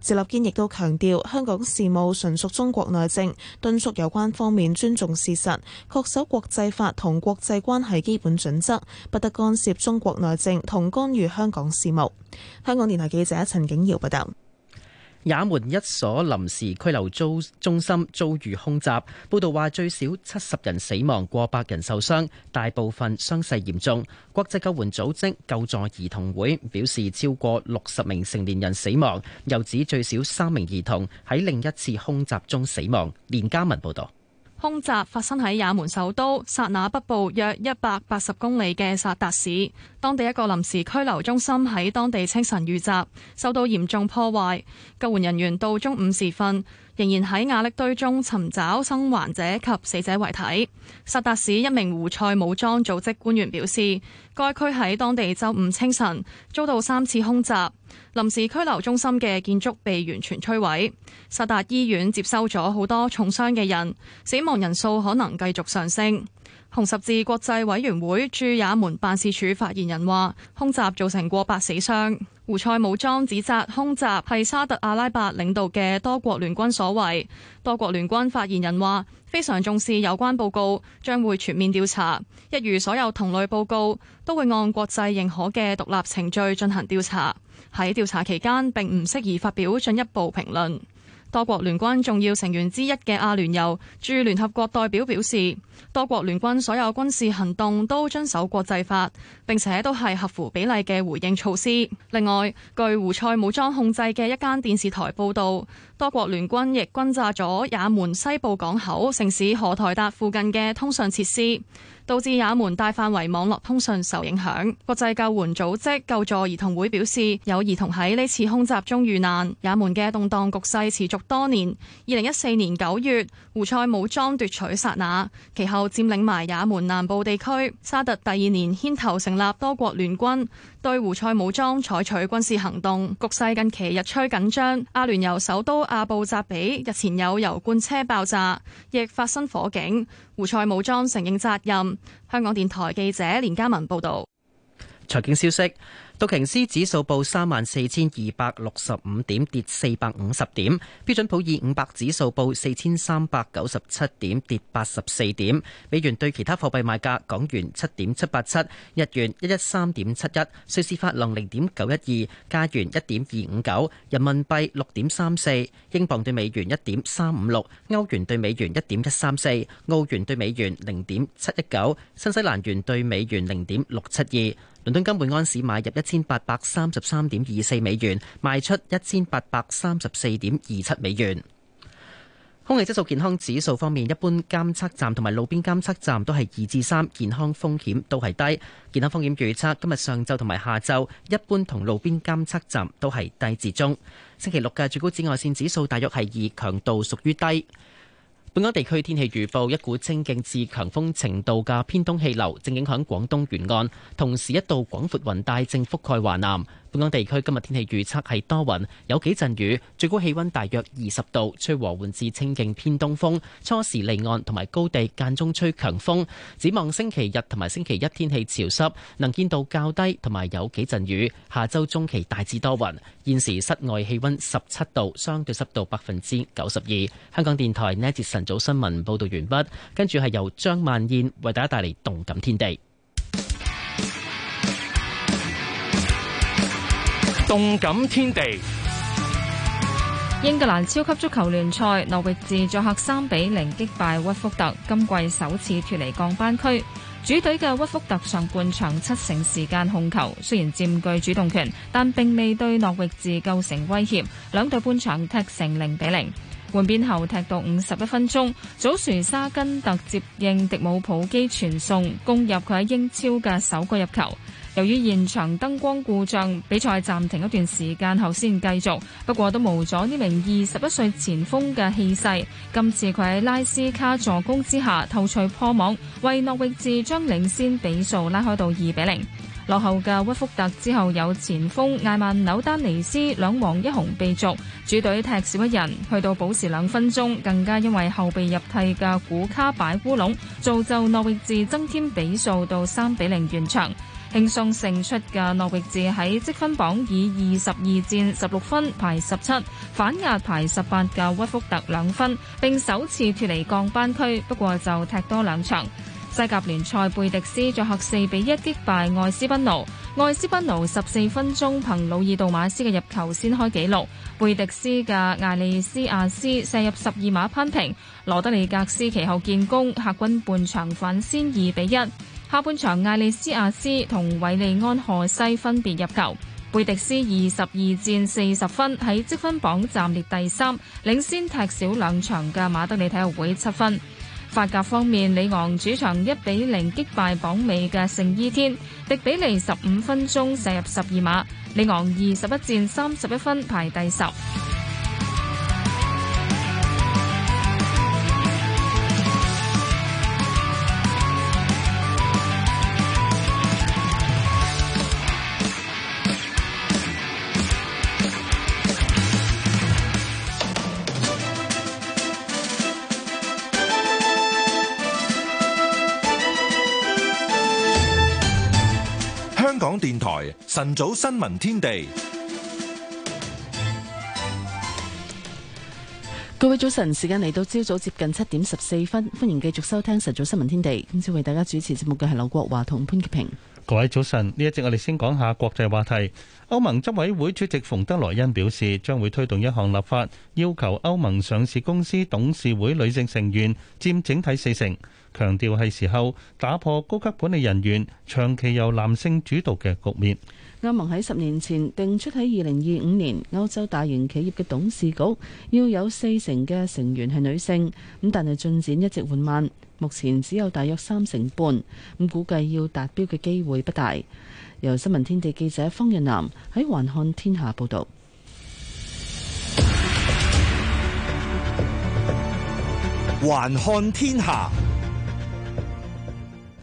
趙立堅亦都強調香港事務純屬中國內政，敦促有關方面尊重事實，恪守國際法同國際關係基本準則，不得干涉中國內政同干預香港。事務。香港電台記者陳景堯報道，也門一所臨時拘留租中心遭遇空襲，報道話最少七十人死亡，過百人受傷，大部分傷勢嚴重。國際救援組織救助兒童會表示，超過六十名成年人死亡，又指最少三名兒童喺另一次空襲中死亡。連家文報道。空襲發生喺也門首都薩那北部約一百八十公里嘅薩達市，當地一個臨時拘留中心喺當地清晨遇襲，受到嚴重破壞。救援人員到中午時分仍然喺瓦礫堆中尋找生還者及死者遺體。薩達市一名胡塞武裝組織官員表示，該區喺當地周五清晨遭到三次空襲。臨時拘留中心嘅建築被完全摧毀，薩達醫院接收咗好多重傷嘅人，死亡人數可能繼續上升。紅十字國際委員會駐也門辦事處發言人話，空襲造成過百死傷。胡塞武裝指責空襲係沙特阿拉伯領導嘅多國聯軍所為。多國聯軍發言人話，非常重視有關報告，將會全面調查，一如所有同類報告，都會按國際認可嘅獨立程序進行調查。喺調查期間並唔適宜發表進一步評論。多國聯軍重要成員之一嘅阿聯酋駐聯合國代表表示，多國聯軍所有軍事行動都遵守國際法，並且都係合乎比例嘅回應措施。另外，據胡塞武裝控制嘅一間電視台報導，多國聯軍亦轟炸咗也門西部港口城市荷台達附近嘅通訊設施，導致也門大範圍網絡通訊受影響。國際救援組織救助兒童會表示，有兒童喺呢次空襲中遇難。也門嘅動盪局勢持續多年。二零一四年九月，胡塞武裝奪取薩那，其後後佔領埋也門南部地區，沙特第二年牽頭成立多國聯軍，對胡塞武裝採取軍事行動。局勢近期日趨緊張。阿聯酋首都阿布扎比日前有油罐車爆炸，亦發生火警。胡塞武裝承認責任。香港電台記者連嘉文報道。財經消息。道瓊斯指數報三萬四千二百六十五點，跌四百五十點。標準普爾五百指數報四千三百九十七點，跌八十四點。美元對其他貨幣賣價：港元七點七八七，日元一一三點七一，瑞士法郎零點九一二，加元一點二五九，人民幣六點三四，英鎊對美元一點三五六，歐元對美元一點一三四，澳元對美元零點七一九，新西蘭元對美元零點六七二。倫敦金每安士買入一千八百三十三點二四美元，賣出一千八百三十四點二七美元。空氣質素健康指數方面，一般監測站同埋路邊監測站都係二至三，健康風險都係低。健康風險預測今日上晝同埋下晝一般同路邊監測站都係低至中。星期六嘅最高紫外線指數大約係二，強度屬於低。本港地區天氣預報：一股清勁至強風程度嘅偏東氣流正影響廣東沿岸，同時一道廣闊雲帶正覆蓋華南。本港地區今日天氣預測係多雲，有幾陣雨，最高氣溫大約二十度，吹和緩至清勁偏東風，初時離岸同埋高地間中吹強風。展望星期日同埋星期一天氣潮濕，能見度較低同埋有幾陣雨。下周中期大致多雲。現時室外氣溫十七度，相對濕度百分之九十二。香港電台呢節晨早新聞報道完畢，跟住係由張曼燕為大家帶嚟動感天地。動感天地，英格蘭超級足球聯賽，諾域治作客三比零擊敗屈福特，今季首次脫離降班區。主隊嘅屈福特上半場七成時間控球，雖然佔據主動權，但並未對諾域治構成威脅。兩隊半場踢成零比零。換邊後踢到五十一分鐘，祖殊沙根特接應迪姆普基傳送，攻入佢喺英超嘅首個入球。由於現場燈光故障，比賽暫停一段時間後先繼續。不過都冇咗呢名二十一歲前鋒嘅氣勢。今次佢喺拉斯卡助攻之下，頭槌破網，為諾域治將領先比數拉開到二比零。落後嘅屈福特之後有前鋒艾曼紐丹尼斯兩黃一紅被逐，主隊踢少一人。去到補時兩分鐘，更加因為後備入替嘅古卡擺烏龍，造就諾域治增添比數到三比零完場。輕鬆勝出嘅諾域治喺積分榜以二十二戰十六分排十七，反壓排十八嘅屈福特兩分，並首次脱離降班區。不過就踢多兩場。西甲聯賽貝迪斯作客四比一擊敗愛斯賓奴，愛斯賓奴十四分鐘憑魯爾杜馬斯嘅入球先開紀錄，貝迪斯嘅艾利斯亞斯射入十二碼扳平，羅德里格斯其後建功，客軍半場反先二比一。下半場，艾利斯亞斯同韋利安荷西分別入球。貝迪斯二十二戰四十分，喺積分榜暫列第三，領先踢少兩場嘅馬德里體育會七分。法甲方面，里昂主場一比零擊敗榜尾嘅聖伊天，迪比尼十五分鐘射入十二碼。里昂二十一戰三十一分，排第十。晨早新聞天地，各位早晨，時間嚟到朝早接近七點十四分，歡迎繼續收聽晨早新聞天地。今次為大家主持節目嘅係劉國華同潘潔平。各位早晨，呢一節我哋先講下國際話題。歐盟執委會主席馮德萊恩表示，將會推動一項立法，要求歐盟上市公司董事會女性成員佔整體四成。強調係時候打破高級管理人員長期由男性主導嘅局面。歐盟喺十年前定出喺二零二五年，歐洲大型企業嘅董事局要有四成嘅成員係女性，咁但係進展一直緩慢，目前只有大約三成半，咁估計要達標嘅機會不大。由新聞天地記者方日南喺環看天下報道。環看天下。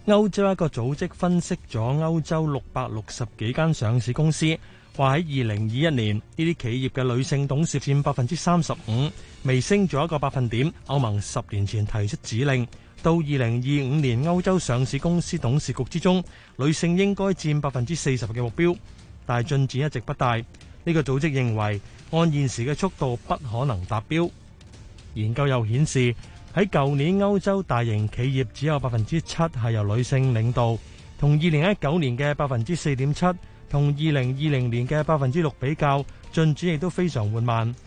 歐洲一個組織分析咗歐洲六百六十幾間上市公司，話喺二零二一年呢啲企業嘅女性董事佔百分之三十五，微升咗一個百分點。歐盟十年前提出指令，到二零二五年歐洲上市公司董事局之中，女性應該佔百分之四十嘅目標，但係進展一直不大。呢個組織認為，按現時嘅速度不可能達標。研究又顯示。喺舊年，歐洲大型企業只有百分之七係由女性領導，同二零一九年嘅百分之四點七，同二零二零年嘅百分之六比較，進展亦都非常緩慢。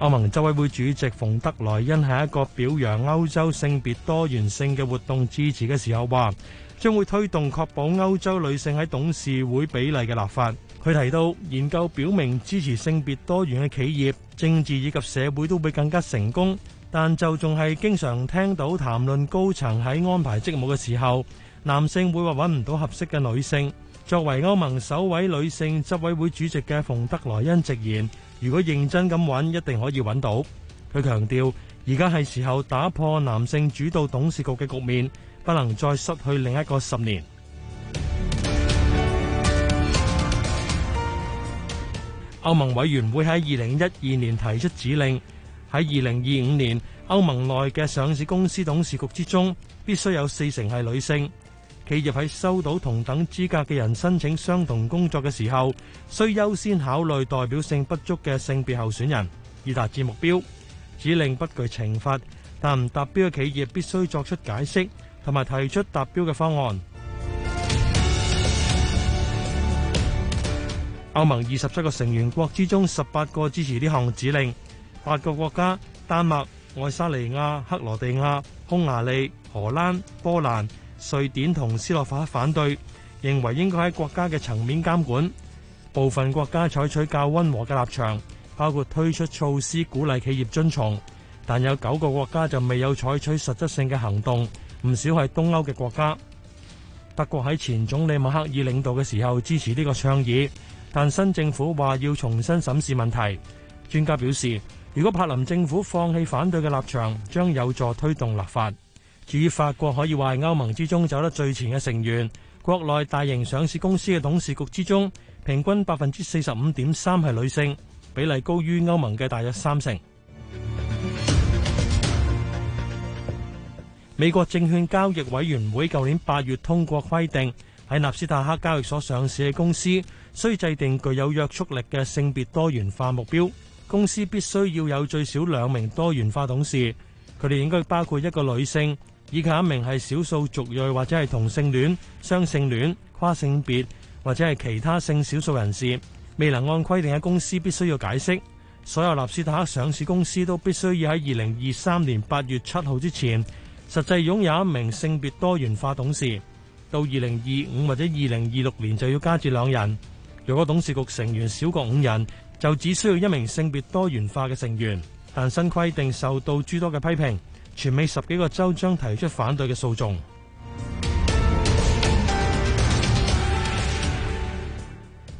歐盟執委會主席馮德萊恩喺一個表揚歐洲性別多元性嘅活動支持嘅時候話，將會推動確保歐洲女性喺董事會比例嘅立法。佢提到，研究表明支持性別多元嘅企業、政治以及社會都會更加成功，但就仲係經常聽到談論高層喺安排職務嘅時候，男性會話揾唔到合適嘅女性。作為歐盟首位女性執委會主席嘅馮德萊恩直言，如果認真咁揾，一定可以揾到。佢強調，而家係時候打破男性主導董事局嘅局面，不能再失去另一個十年。歐盟委員會喺2012年提出指令，喺2025年歐盟內嘅上市公司董事局之中，必須有四成係女性。企業喺收到同等資格嘅人申請相同工作嘅時候，需優先考慮代表性不足嘅性別候選人，以達至目標。指令不具懲罰，但唔達標嘅企業必須作出解釋同埋提出達標嘅方案。歐盟二十七個成員國之中，十八個支持呢項指令，八個國家：丹麥、愛沙尼亞、克羅地亞、匈牙利、荷蘭、波蘭、瑞典同斯洛伐克反對，認為應該喺國家嘅層面監管。部分國家採取較溫和嘅立場，包括推出措施鼓勵企業遵從，但有九個國家就未有採取實質性嘅行動。唔少係東歐嘅國家，德國喺前總理默克爾領導嘅時候支持呢個倡議。但新政府話要重新審視問題。專家表示，如果柏林政府放棄反對嘅立場，將有助推動立法。至於法國，可以話係歐盟之中走得最前嘅成員。國內大型上市公司嘅董事局之中，平均百分之四十五點三係女性，比例高於歐盟嘅大約三成。美國證券交易委員會舊年八月通過規定，喺納斯達克交易所上市嘅公司。需制定具有約束力嘅性別多元化目標，公司必須要有最少兩名多元化董事，佢哋應該包括一個女性，以及一名係少數族裔或者係同性戀雙性戀跨性別或者係其他性少數人士。未能按規定嘅公司必須要解釋。所有納斯達克上市公司都必須要喺二零二三年八月七號之前，實際擁有一名性別多元化董事，到二零二五或者二零二六年就要加至兩人。如果董事局成員少過五人，就只需要一名性別多元化嘅成員。但新規定受到諸多嘅批評，全美十幾個州將提出反對嘅訴訟。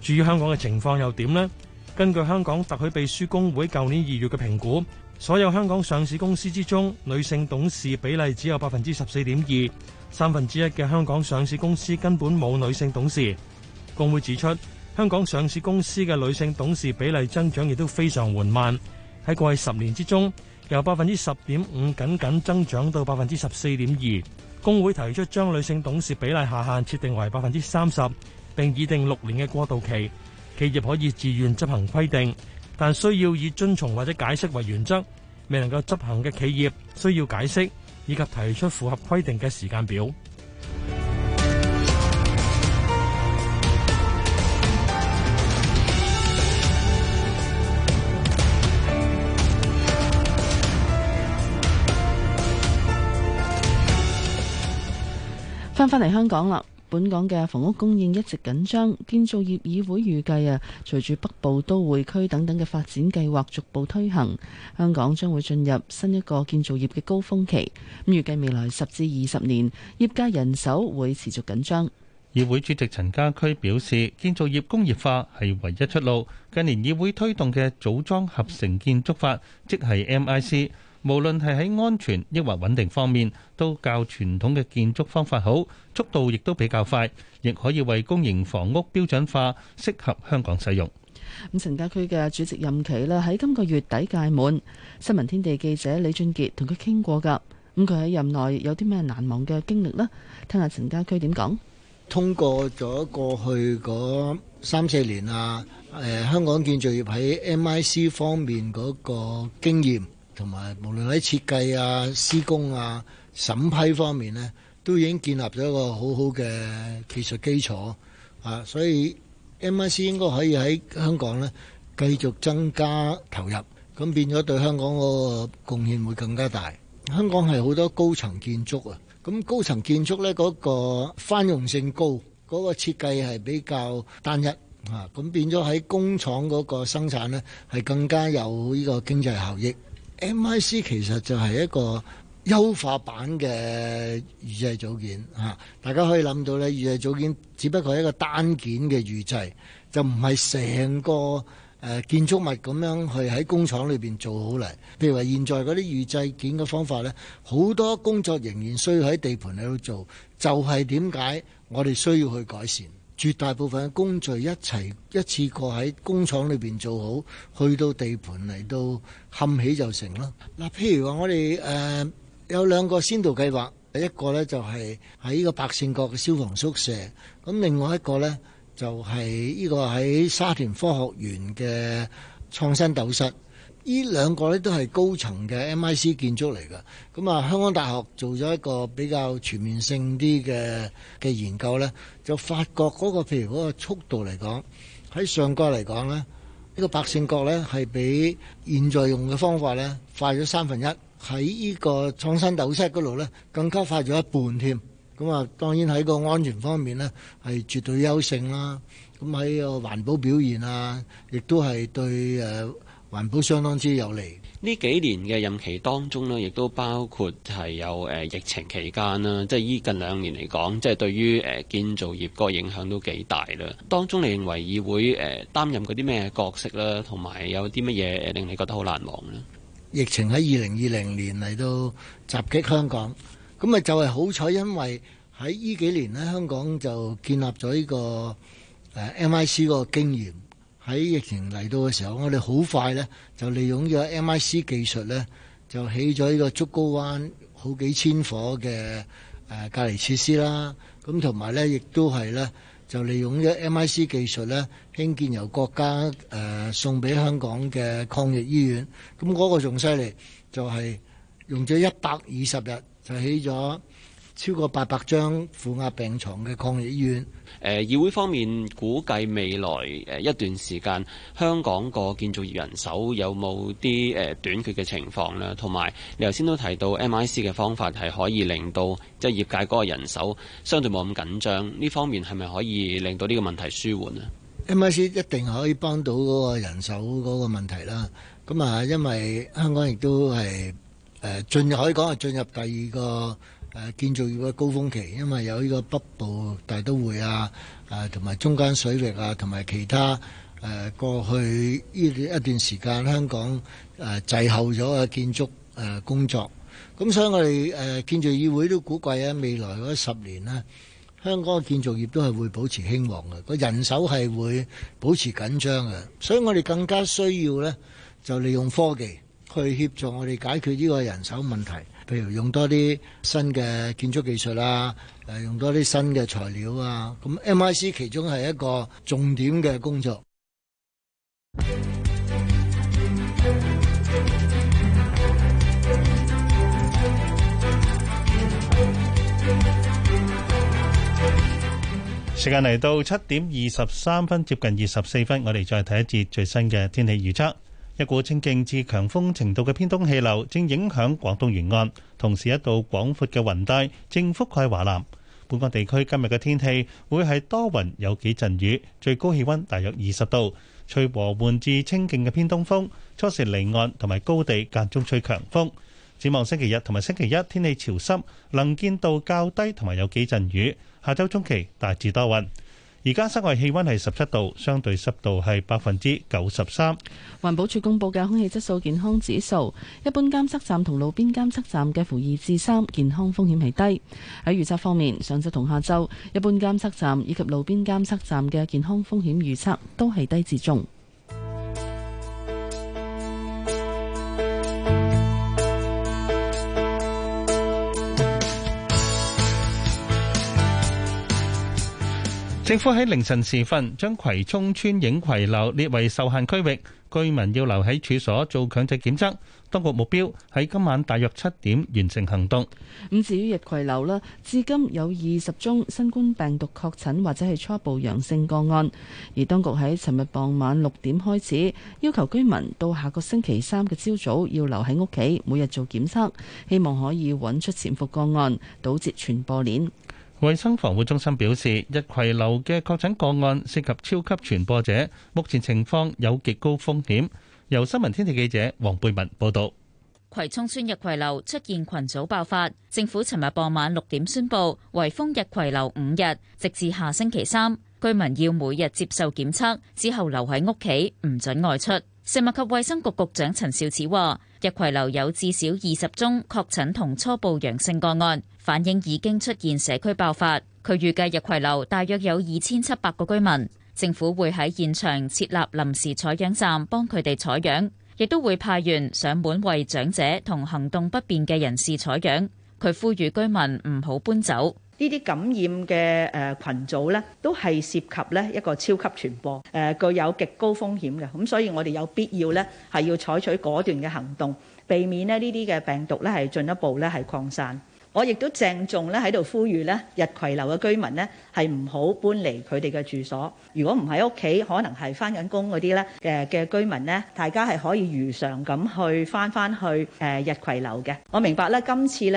至於香港嘅情況又點呢？根據香港特許秘書工會舊年二月嘅評估，所有香港上市公司之中，女性董事比例只有百分之十四點二，三分之一嘅香港上市公司根本冇女性董事。工會指出，香港上市公司嘅女性董事比例增長亦都非常緩慢，喺過去十年之中，由百分之十點五僅僅增長到百分之十四點二。工會提出將女性董事比例下限設定為百分之三十，並擬定六年嘅過渡期，企業可以自願執行規定，但需要以遵從或者解釋為原則。未能夠執行嘅企業需要解釋以及提出符合規定嘅時間表。翻返嚟香港啦，本港嘅房屋供應一直緊張，建造業議會預計啊，隨住北部都會區等等嘅發展計劃逐步推行，香港將會進入新一個建造業嘅高峰期。預計未來十至二十年，業界人手會持續緊張，議會主席陳家駒表示，建造業工業化係唯一出路。近年議會推動嘅組裝合成建築法，即係 M I C。無論係喺安全抑或穩定方面，都較傳統嘅建築方法好，速度亦都比較快，亦可以為公營房屋標準化，適合香港使用。咁陳家駒嘅主席任期呢喺今個月底屆滿。新聞天地記者李俊杰同佢傾過噶，咁佢喺任內有啲咩難忘嘅經歷呢？聽下陳家駒點講。通過咗過去嗰三四年啊，誒，香港建造業喺 MIC 方面嗰個經驗。同埋，無論喺設計啊、施工啊、審批方面咧，都已經建立咗一個好好嘅技術基礎啊。所以 MIC 應該可以喺香港咧繼續增加投入，咁變咗對香港個貢獻會更加大。香港係好多高層建築啊，咁高層建築咧嗰個翻用性高，嗰個設計係比較單一啊。咁變咗喺工廠嗰個生產咧係更加有呢個經濟效益。M I C 其實就係一個優化版嘅預製組件嚇，大家可以諗到咧，預製組件只不過係一個單件嘅預製，就唔係成個建築物咁樣去喺工廠裏邊做好嚟。譬如話現在嗰啲預製件嘅方法咧，好多工作仍然需要喺地盤喺度做，就係點解我哋需要去改善？絕大部分工序一齊一次過喺工廠裏邊做好，去到地盤嚟到冚起就成咯。嗱、啊，譬如話我哋誒、呃、有兩個先導計劃，一個呢就係喺呢個百勝角嘅消防宿舍，咁另外一個呢，就係呢個喺沙田科學園嘅創新斗室。呢兩個咧都係高層嘅 M I C 建築嚟嘅，咁啊，香港大學做咗一個比較全面性啲嘅嘅研究呢就發覺嗰個譬如嗰個速度嚟講，喺上蓋嚟講咧，呢個百勝閣呢係比現在用嘅方法呢快咗三分一，喺呢個創新斗室嗰度呢更加快咗一半添。咁啊，當然喺個安全方面呢係絕對優勝啦。咁喺個環保表現啊，亦都係對誒、啊。環保相當之有利。呢幾年嘅任期當中呢亦都包括係有誒、呃、疫情期間啦，即係依近兩年嚟講，即係對於誒、呃、建造業個影響都幾大啦。當中你認為議會誒擔、呃、任嗰啲咩角色啦，同埋有啲乜嘢令你覺得好難忘呢？疫情喺二零二零年嚟到襲擊香港，咁啊就係好彩，因為喺呢幾年咧，香港就建立咗呢個誒 MIC 個經驗。喺疫情嚟到嘅時候，我哋好快咧就利用咗 M I C 技術咧，就起咗呢個竹篙灣好幾千夥嘅誒隔離設施啦。咁同埋咧，亦都係咧就利用咗 M I C 技術咧興建由國家誒、呃、送俾香港嘅抗疫醫院。咁嗰個仲犀利，就係、是、用咗一百二十日就起咗超過八百張負壓病床嘅抗疫醫院。誒議會方面估計未來誒、呃、一段時間香港個建造業人手有冇啲誒短缺嘅情況咧？同埋你頭先都提到 M I C 嘅方法係可以令到即係業界嗰個人手相對冇咁緊張，呢方面係咪可以令到呢個問題舒緩咧？M I C 一定係可以幫到嗰個人手嗰個問題啦。咁啊，因為香港亦都係誒進入可以講係進入第二個。誒建造業嘅高峰期，因為有呢個北部大都會啊，誒同埋中間水域啊，同埋其他誒、啊、過去呢一段時間，香港誒、啊、滯後咗嘅建築誒、啊、工作。咁所以我哋誒、啊、建造業議會都估計啊，未來嗰十年呢，香港嘅建造業都係會保持興旺嘅，個人手係會保持緊張嘅，所以我哋更加需要呢，就利用科技去協助我哋解決呢個人手問題。譬如用多啲新嘅建築技術啊，誒用多啲新嘅材料啊，咁 MiC 其中係一個重點嘅工作。時間嚟到七點二十三分，接近二十四分，我哋再睇一節最新嘅天氣預測。一股清勁至強風程度嘅偏東氣流正影響廣東沿岸，同時一道廣闊嘅雲帶正覆蓋華南。本港地區今日嘅天氣會係多雲，有幾陣雨，最高氣溫大約二十度，吹和緩至清勁嘅偏東風，初時離岸同埋高地間中吹強風。展望星期日同埋星期一天氣潮濕，能見度較低，同埋有幾陣雨。下周中期大致多雲。而家室外氣溫係十七度，相對濕度係百分之九十三。環保署公布嘅空氣質素健康指數，一般監測站同路邊監測站介乎二至三，健康風險係低。喺預測方面，上晝同下晝，一般監測站以及路邊監測站嘅健康風險預測都係低至中。政府喺凌晨時分將葵涌村影葵樓列為受限區域，居民要留喺處所做強制檢測。當局目標喺今晚大約七點完成行動。咁至於日葵樓，啦，至今有二十宗新冠病毒確診或者係初步陽性個案。而當局喺尋日傍晚六點開始，要求居民到下個星期三嘅朝早要留喺屋企，每日做檢測，希望可以揾出潛伏個案，堵截傳播鏈。衛生防護中心表示，日葵樓嘅確診個案涉及超級傳播者，目前情況有極高風險。由新聞天地記者黃貝文報道，葵涌村日葵樓出現群組爆發，政府尋日傍晚六點宣布圍封日葵樓五日，直至下星期三，居民要每日接受檢測之後留喺屋企，唔准外出。食物及衛生局局長陳肇始話。日葵樓有至少二十宗確診同初步陽性個案，反映已經出現社區爆發。佢預計日葵樓大約有二千七百個居民，政府會喺現場設立臨時採樣站幫佢哋採樣，亦都會派員上門為長者同行動不便嘅人士採樣。佢呼籲居民唔好搬走。呢啲感染嘅誒羣組咧，都係涉及咧一個超級傳播，誒具有極高風險嘅，咁所以我哋有必要咧係要採取果斷嘅行動，避免咧呢啲嘅病毒咧係進一步咧係擴散。我亦都鄭重喺度呼籲逸葵樓嘅居民咧係唔好搬離佢哋嘅住所。如果唔喺屋企，可能係返緊工嗰啲嘅居民，大家係可以如常咁去返返去逸葵樓嘅。我明白，今次逸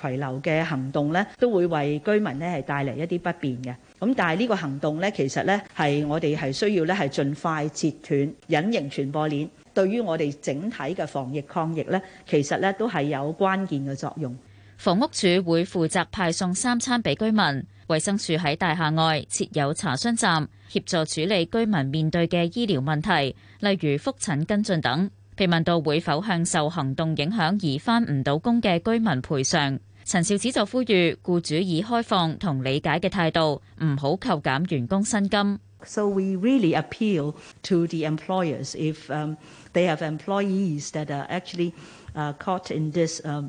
葵樓嘅行動都會為居民咧係帶嚟一啲不便嘅。但係呢個行動其實係我哋係需要咧盡快截斷隱形傳播鏈，對於我哋整體嘅防疫抗疫其實都係有關鍵嘅作用。房屋署會負責派送三餐俾居民，衛生署喺大廈外設有查詢站，協助處理居民面對嘅醫療問題，例如覆診跟進等。被問到會否向受行動影響而返唔到工嘅居民賠償，陳肇始就呼籲僱主以開放同理解嘅態度，唔好扣減員工薪金。So we really appeal to the employers if they have employees that are actually caught in this, uh,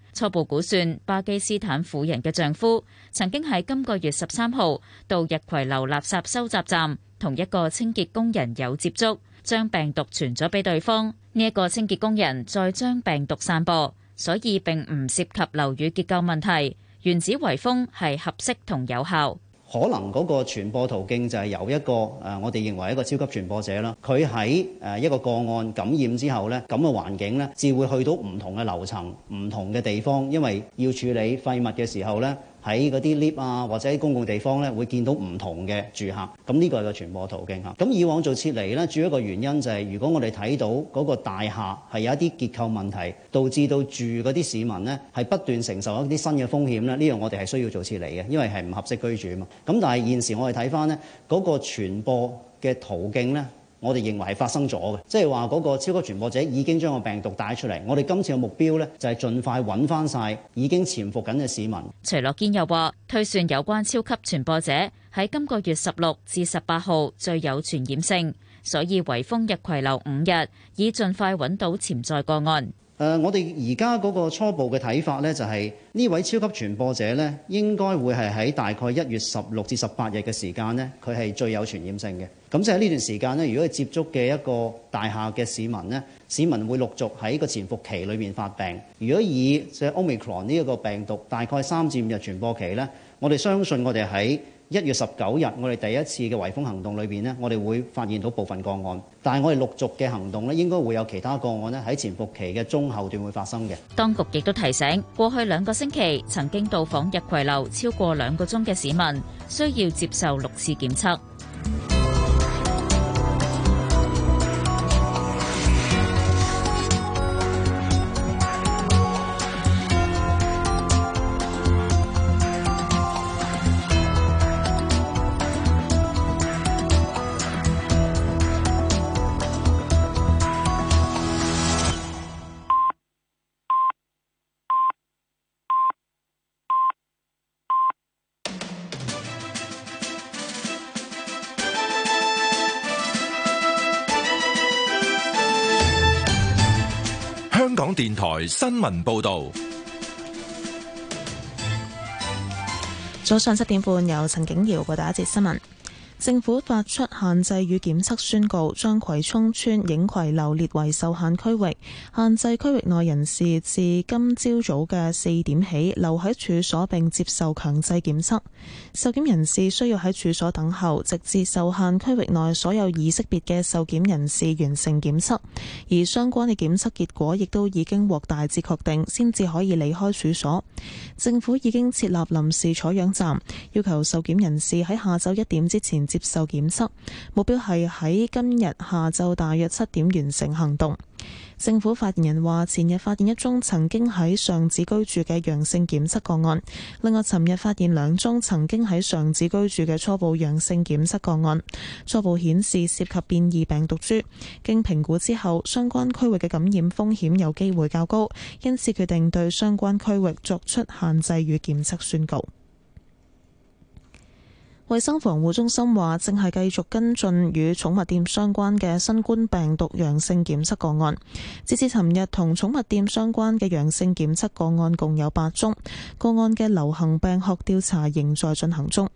初步估算，巴基斯坦婦人嘅丈夫曾經喺今個月十三號到逸葵樓垃圾收集站，同一個清潔工人有接觸，將病毒傳咗俾對方。呢、這、一個清潔工人再將病毒散播，所以並唔涉及樓宇結構問題，原子圍封係合適同有效。可能嗰個傳播途徑就係由一個誒，我哋認為一個超級傳播者啦，佢喺誒一個個案感染之後呢，噉個環境呢，至會去到唔同嘅樓層、唔同嘅地方，因為要處理廢物嘅時候呢。喺嗰啲 lift 啊，或者喺公共地方咧，會見到唔同嘅住客，咁呢個係個傳播途徑吓。咁以往做撤離咧，主要一個原因就係如果我哋睇到嗰個大廈係有一啲結構問題，導致到住嗰啲市民咧係不斷承受一啲新嘅風險咧，呢樣我哋係需要做撤離嘅，因為係唔合適居住啊嘛。咁但係現時我哋睇翻咧，嗰個傳播嘅途徑咧。我哋認為係發生咗嘅，即係話嗰個超級傳播者已經將個病毒帶出嚟。我哋今次嘅目標呢，就係盡快揾翻晒已經潛伏緊嘅市民。徐樂堅又話：推算有關超級傳播者喺今個月十六至十八號最有傳染性，所以圍封日攜留五日，以盡快揾到潛在個案。誒，uh, 我哋而家嗰個初步嘅睇法呢，就係呢位超級傳播者呢，應該會係喺大概一月十六至十八日嘅時間呢，佢係最有傳染性嘅。咁即係呢段時間呢，如果佢接觸嘅一個大廈嘅市民呢，市民會陸續喺個潛伏期裏面發病。如果以即係 Omicron 呢一個病毒，大概三至五日傳播期呢，我哋相信我哋喺一月十九日，我哋第一次嘅圍封行動裏邊呢，我哋會發現到部分個案，但係我哋陸續嘅行動呢，應該會有其他個案呢喺潛伏期嘅中後段會發生嘅。當局亦都提醒，過去兩個星期曾經到訪日葵樓超過兩個鐘嘅市民，需要接受六次檢測。新聞報道。早上七點半，由陳景瑤播第一節新聞。政府發出限制與檢測宣告，將葵涌村影葵樓列為受限區域，限制區域內人士自今朝早嘅四點起留喺處所並接受強制檢測，受檢人士需要喺處所等候，直至受限區域內所有已識別嘅受檢人士完成檢測，而相關嘅檢測結果亦都已經獲大致確定，先至可以離開處所。政府已經設立臨時採樣站，要求受檢人士喺下晝一點之前接受檢測，目標係喺今日下晝大約七點完成行動。政府發言人話：前日發現一宗曾經喺上址居住嘅陽性檢測個案，另外尋日發現兩宗曾經喺上址居住嘅初步陽性檢測個案，初步顯示涉及變異病毒株。經評估之後，相關區域嘅感染風險有機會較高，因此決定對相關區域作出限制與檢測宣告。衛生防護中心話，正係繼續跟進與寵物店相關嘅新冠病毒陽性檢測個案。截至尋日，同寵物店相關嘅陽性檢測個案共有八宗，個案嘅流行病學調查仍在進行中。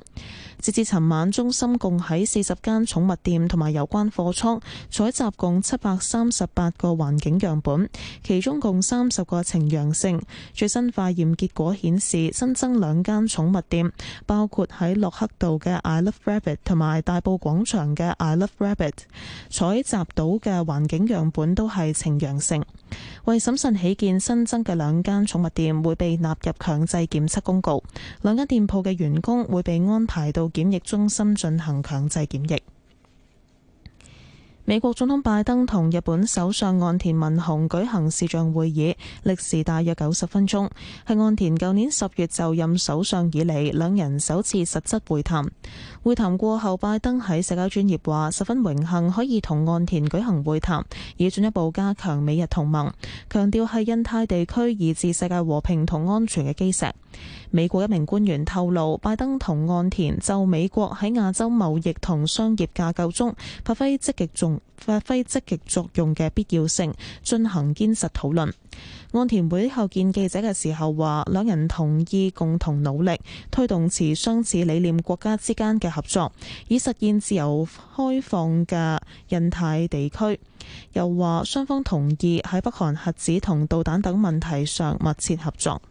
截至尋晚，中心共喺四十間寵物店同埋有關貨倉採集共七百三十八個環境樣本，其中共三十個呈陽性。最新化驗結果顯示，新增兩間寵物店，包括喺洛克道嘅 I Love Rabbit 同埋大埔廣場嘅 I Love Rabbit，採集到嘅環境樣本都係呈陽性。為審慎起見，新增嘅兩間寵物店會被納入強制檢測公告，兩間店鋪嘅員工會被安排到檢疫中心進行強制檢疫。美國總統拜登同日本首相岸田文雄舉行視像會議，歷時大約九十分鐘，係岸田舊年十月就任首相以嚟兩人首次實質會談。會談過後，拜登喺社交專頁話十分榮幸可以同岸田舉行會談，以進一步加強美日同盟，強調係印太地區以至世界和平同安全嘅基石。美國一名官員透露，拜登同岸田就美國喺亞洲貿易同商業架構中發揮積極重。發揮積極作用嘅必要性，進行堅實討論。岸田會後見記者嘅時候話，兩人同意共同努力，推動持相似理念國家之間嘅合作，以實現自由開放嘅印太地區。又話雙方同意喺北韓核子同導彈等問題上密切合作。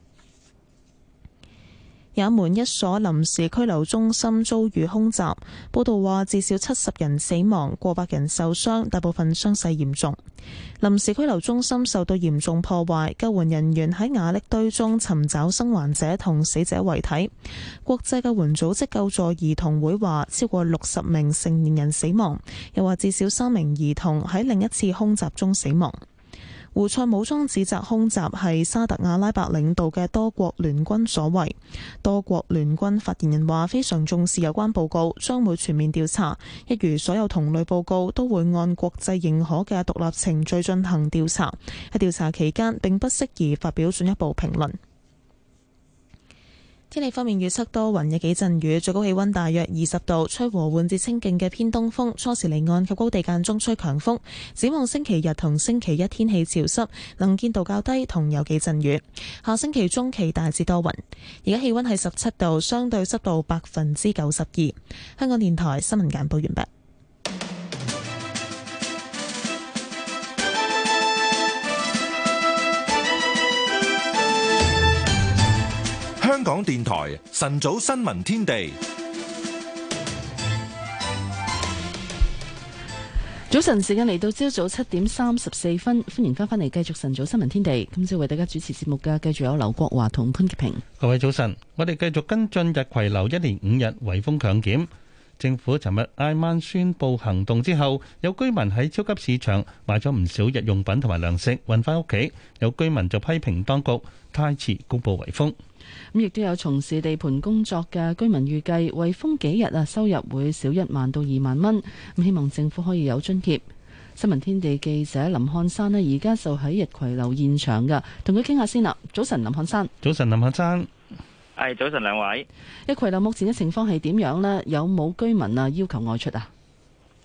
也門一所臨時拘留中心遭遇空襲，報道話至少七十人死亡，過百人受傷，大部分傷勢嚴重。臨時拘留中心受到嚴重破壞，救援人員喺瓦礫堆中尋找生還者同死者遺體。國際救援組織救助兒童會話，超過六十名成年人死亡，又話至少三名兒童喺另一次空襲中死亡。胡塞武裝指責空襲係沙特阿拉伯領導嘅多國聯軍所為。多國聯軍發言人話：非常重視有關報告，將會全面調查。一如所有同類報告，都會按國際認可嘅獨立程序進行調查。喺調查期間，並不適宜發表進一步評論。天氣方面，預測多雲有幾陣雨，最高氣溫大約二十度，吹和緩至清勁嘅偏東風。初時離岸及高地間中吹強風。展望星期日同星期一天氣潮濕，能見度較低同有幾陣雨。下星期中期大致多雲。而家氣溫係十七度，相對濕度百分之九十二。香港電台新聞簡報完畢。香港電台晨早新聞天地，早晨時間嚟到朝早七點三十四分，歡迎返返嚟繼續晨早新聞天地。今朝為大家主持節目嘅，繼續有劉國華同潘潔平。各位早晨，我哋繼續跟進日葵樓一連五日圍封強檢。政府尋日挨晚宣佈行動之後，有居民喺超級市場買咗唔少日用品同埋糧食運翻屋企。有居民就批評當局太遲公佈圍封。咁亦都有從事地盤工作嘅居民預計圍封幾日啊，收入會少一萬到二萬蚊。咁希望政府可以有津貼。新聞天地記者林漢山咧，而家就喺日葵樓現場嘅，同佢傾下先啦。早晨，林漢山。早晨，林漢山。係早晨，兩位日葵樓目前嘅情況係點樣呢？有冇居民啊要求外出啊？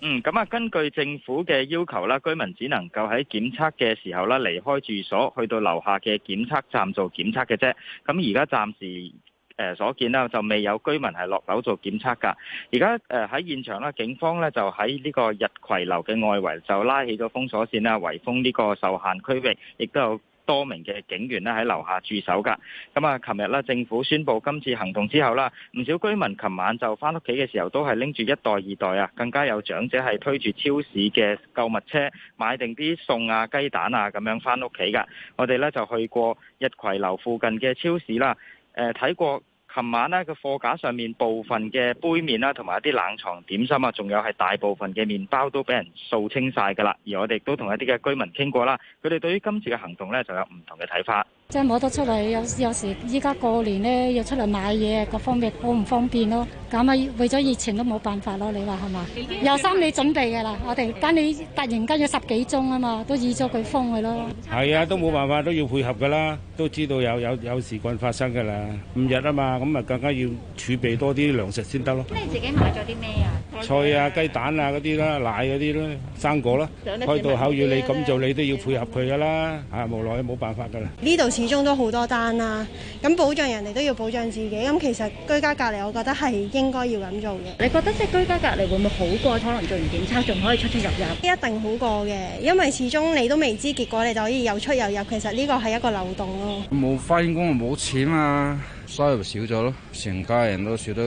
嗯，咁啊，根據政府嘅要求啦，居民只能夠喺檢測嘅時候啦，離開住所去到樓下嘅檢測站做檢測嘅啫。咁而家暫時誒所見啦，就未有居民係落樓做檢測噶。而家誒喺現場咧，警方咧就喺呢個日葵樓嘅外圍就拉起咗封鎖線啦，圍封呢個受限區域，亦都有。多名嘅警員咧喺樓下駐守噶。咁、嗯、啊，琴日咧政府宣布今次行動之後啦，唔少居民琴晚就翻屋企嘅時候都係拎住一袋、二袋啊，更加有長者係推住超市嘅購物車買定啲餸啊、雞蛋啊咁樣翻屋企噶。我哋咧就去過逸葵樓附近嘅超市啦，誒、呃、睇過。琴晚呢個貨架上面部分嘅杯麵啦，同埋一啲冷藏點心啊，仲有係大部分嘅麵包都俾人掃清晒噶啦。而我哋都同一啲嘅居民傾過啦，佢哋對於今次嘅行動呢，就有唔同嘅睇法。即係摸得出嚟，有有時依家過年咧，要出嚟買嘢，各方面好唔方便咯。咁啊，為咗疫情都冇辦法咯，你話係嘛？有心理準備噶啦，我哋咁你突然間有十幾宗啊嘛，都以咗佢封噶咯。係啊，都冇辦法，都要配合噶啦，都知道有有有事發生噶啦，五日啊嘛，咁啊更加要儲備多啲糧食先得咯。你自己買咗啲咩啊？菜啊、雞蛋啊嗰啲啦，奶嗰啲啦，生果啦，開到口要你咁做，你都要配合佢噶啦。吓，無奈冇辦法噶啦。呢度。始終都好多單啦，咁保障人哋都要保障自己，咁其實居家隔離我覺得係應該要咁做嘅。你覺得即係居家隔離會唔會好過？可能做完檢測仲可以出出入入，一定好過嘅，因為始終你都未知結果，你就可以又出又入,入。其實呢個係一個漏洞咯。冇返工咪冇錢啊，收入少咗咯，成家人都少咗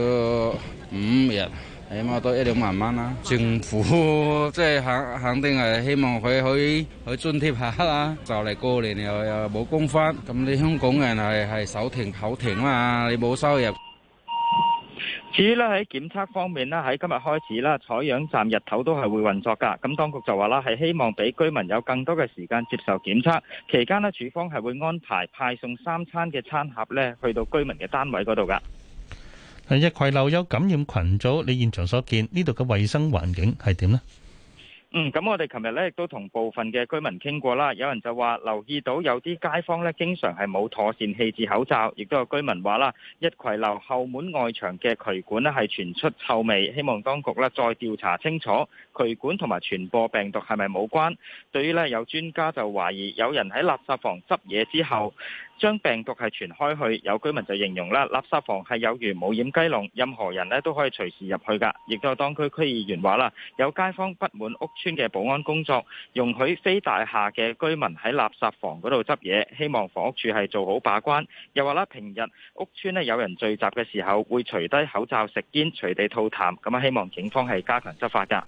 五日。起碼都一兩萬蚊啦，政府即係肯肯定係希望佢可以去津貼下啦。就嚟過年又又冇工返，咁你香港人係係手停口停吖嘛，你冇收入。至於咧，喺檢測方面咧，喺今日開始啦，採樣站日頭都係會運作噶。咁當局就話啦，係希望俾居民有更多嘅時間接受檢測。期間咧，署方係會安排派送三餐嘅餐盒咧，去到居民嘅單位嗰度噶。係逸葵樓有感染群組，你現場所見呢度嘅衛生環境係點呢？嗯，咁我哋琴日咧亦都同部分嘅居民傾過啦，有人就話留意到有啲街坊咧，經常係冇妥善棄置口罩，亦都有居民話啦，逸葵樓後門外牆嘅渠管咧係傳出臭味，希望當局咧再調查清楚渠管同埋傳播病毒係咪冇關？對於呢有專家就懷疑有人喺垃圾房執嘢之後。將病毒係傳開去，有居民就形容啦，垃圾房係有如冇掩雞籠，任何人咧都可以隨時入去噶。亦都有當區區議員話啦，有街坊不滿屋村嘅保安工作，容許非大廈嘅居民喺垃圾房嗰度執嘢，希望房屋處係做好把關。又話啦，平日屋村咧有人聚集嘅時候，會除低口罩食煙，隨地吐痰，咁啊希望警方係加強執法噶。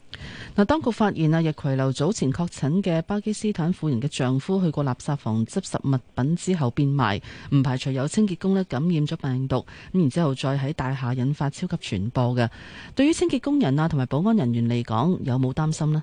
嗱，當局發現啊，逸葵樓早前確診嘅巴基斯坦婦人嘅丈夫去過垃圾房執拾物品之後變埋唔排除有清潔工呢感染咗病毒，咁然之後再喺大廈引發超級傳播嘅。對於清潔工人啊同埋保安人員嚟講，有冇擔心呢？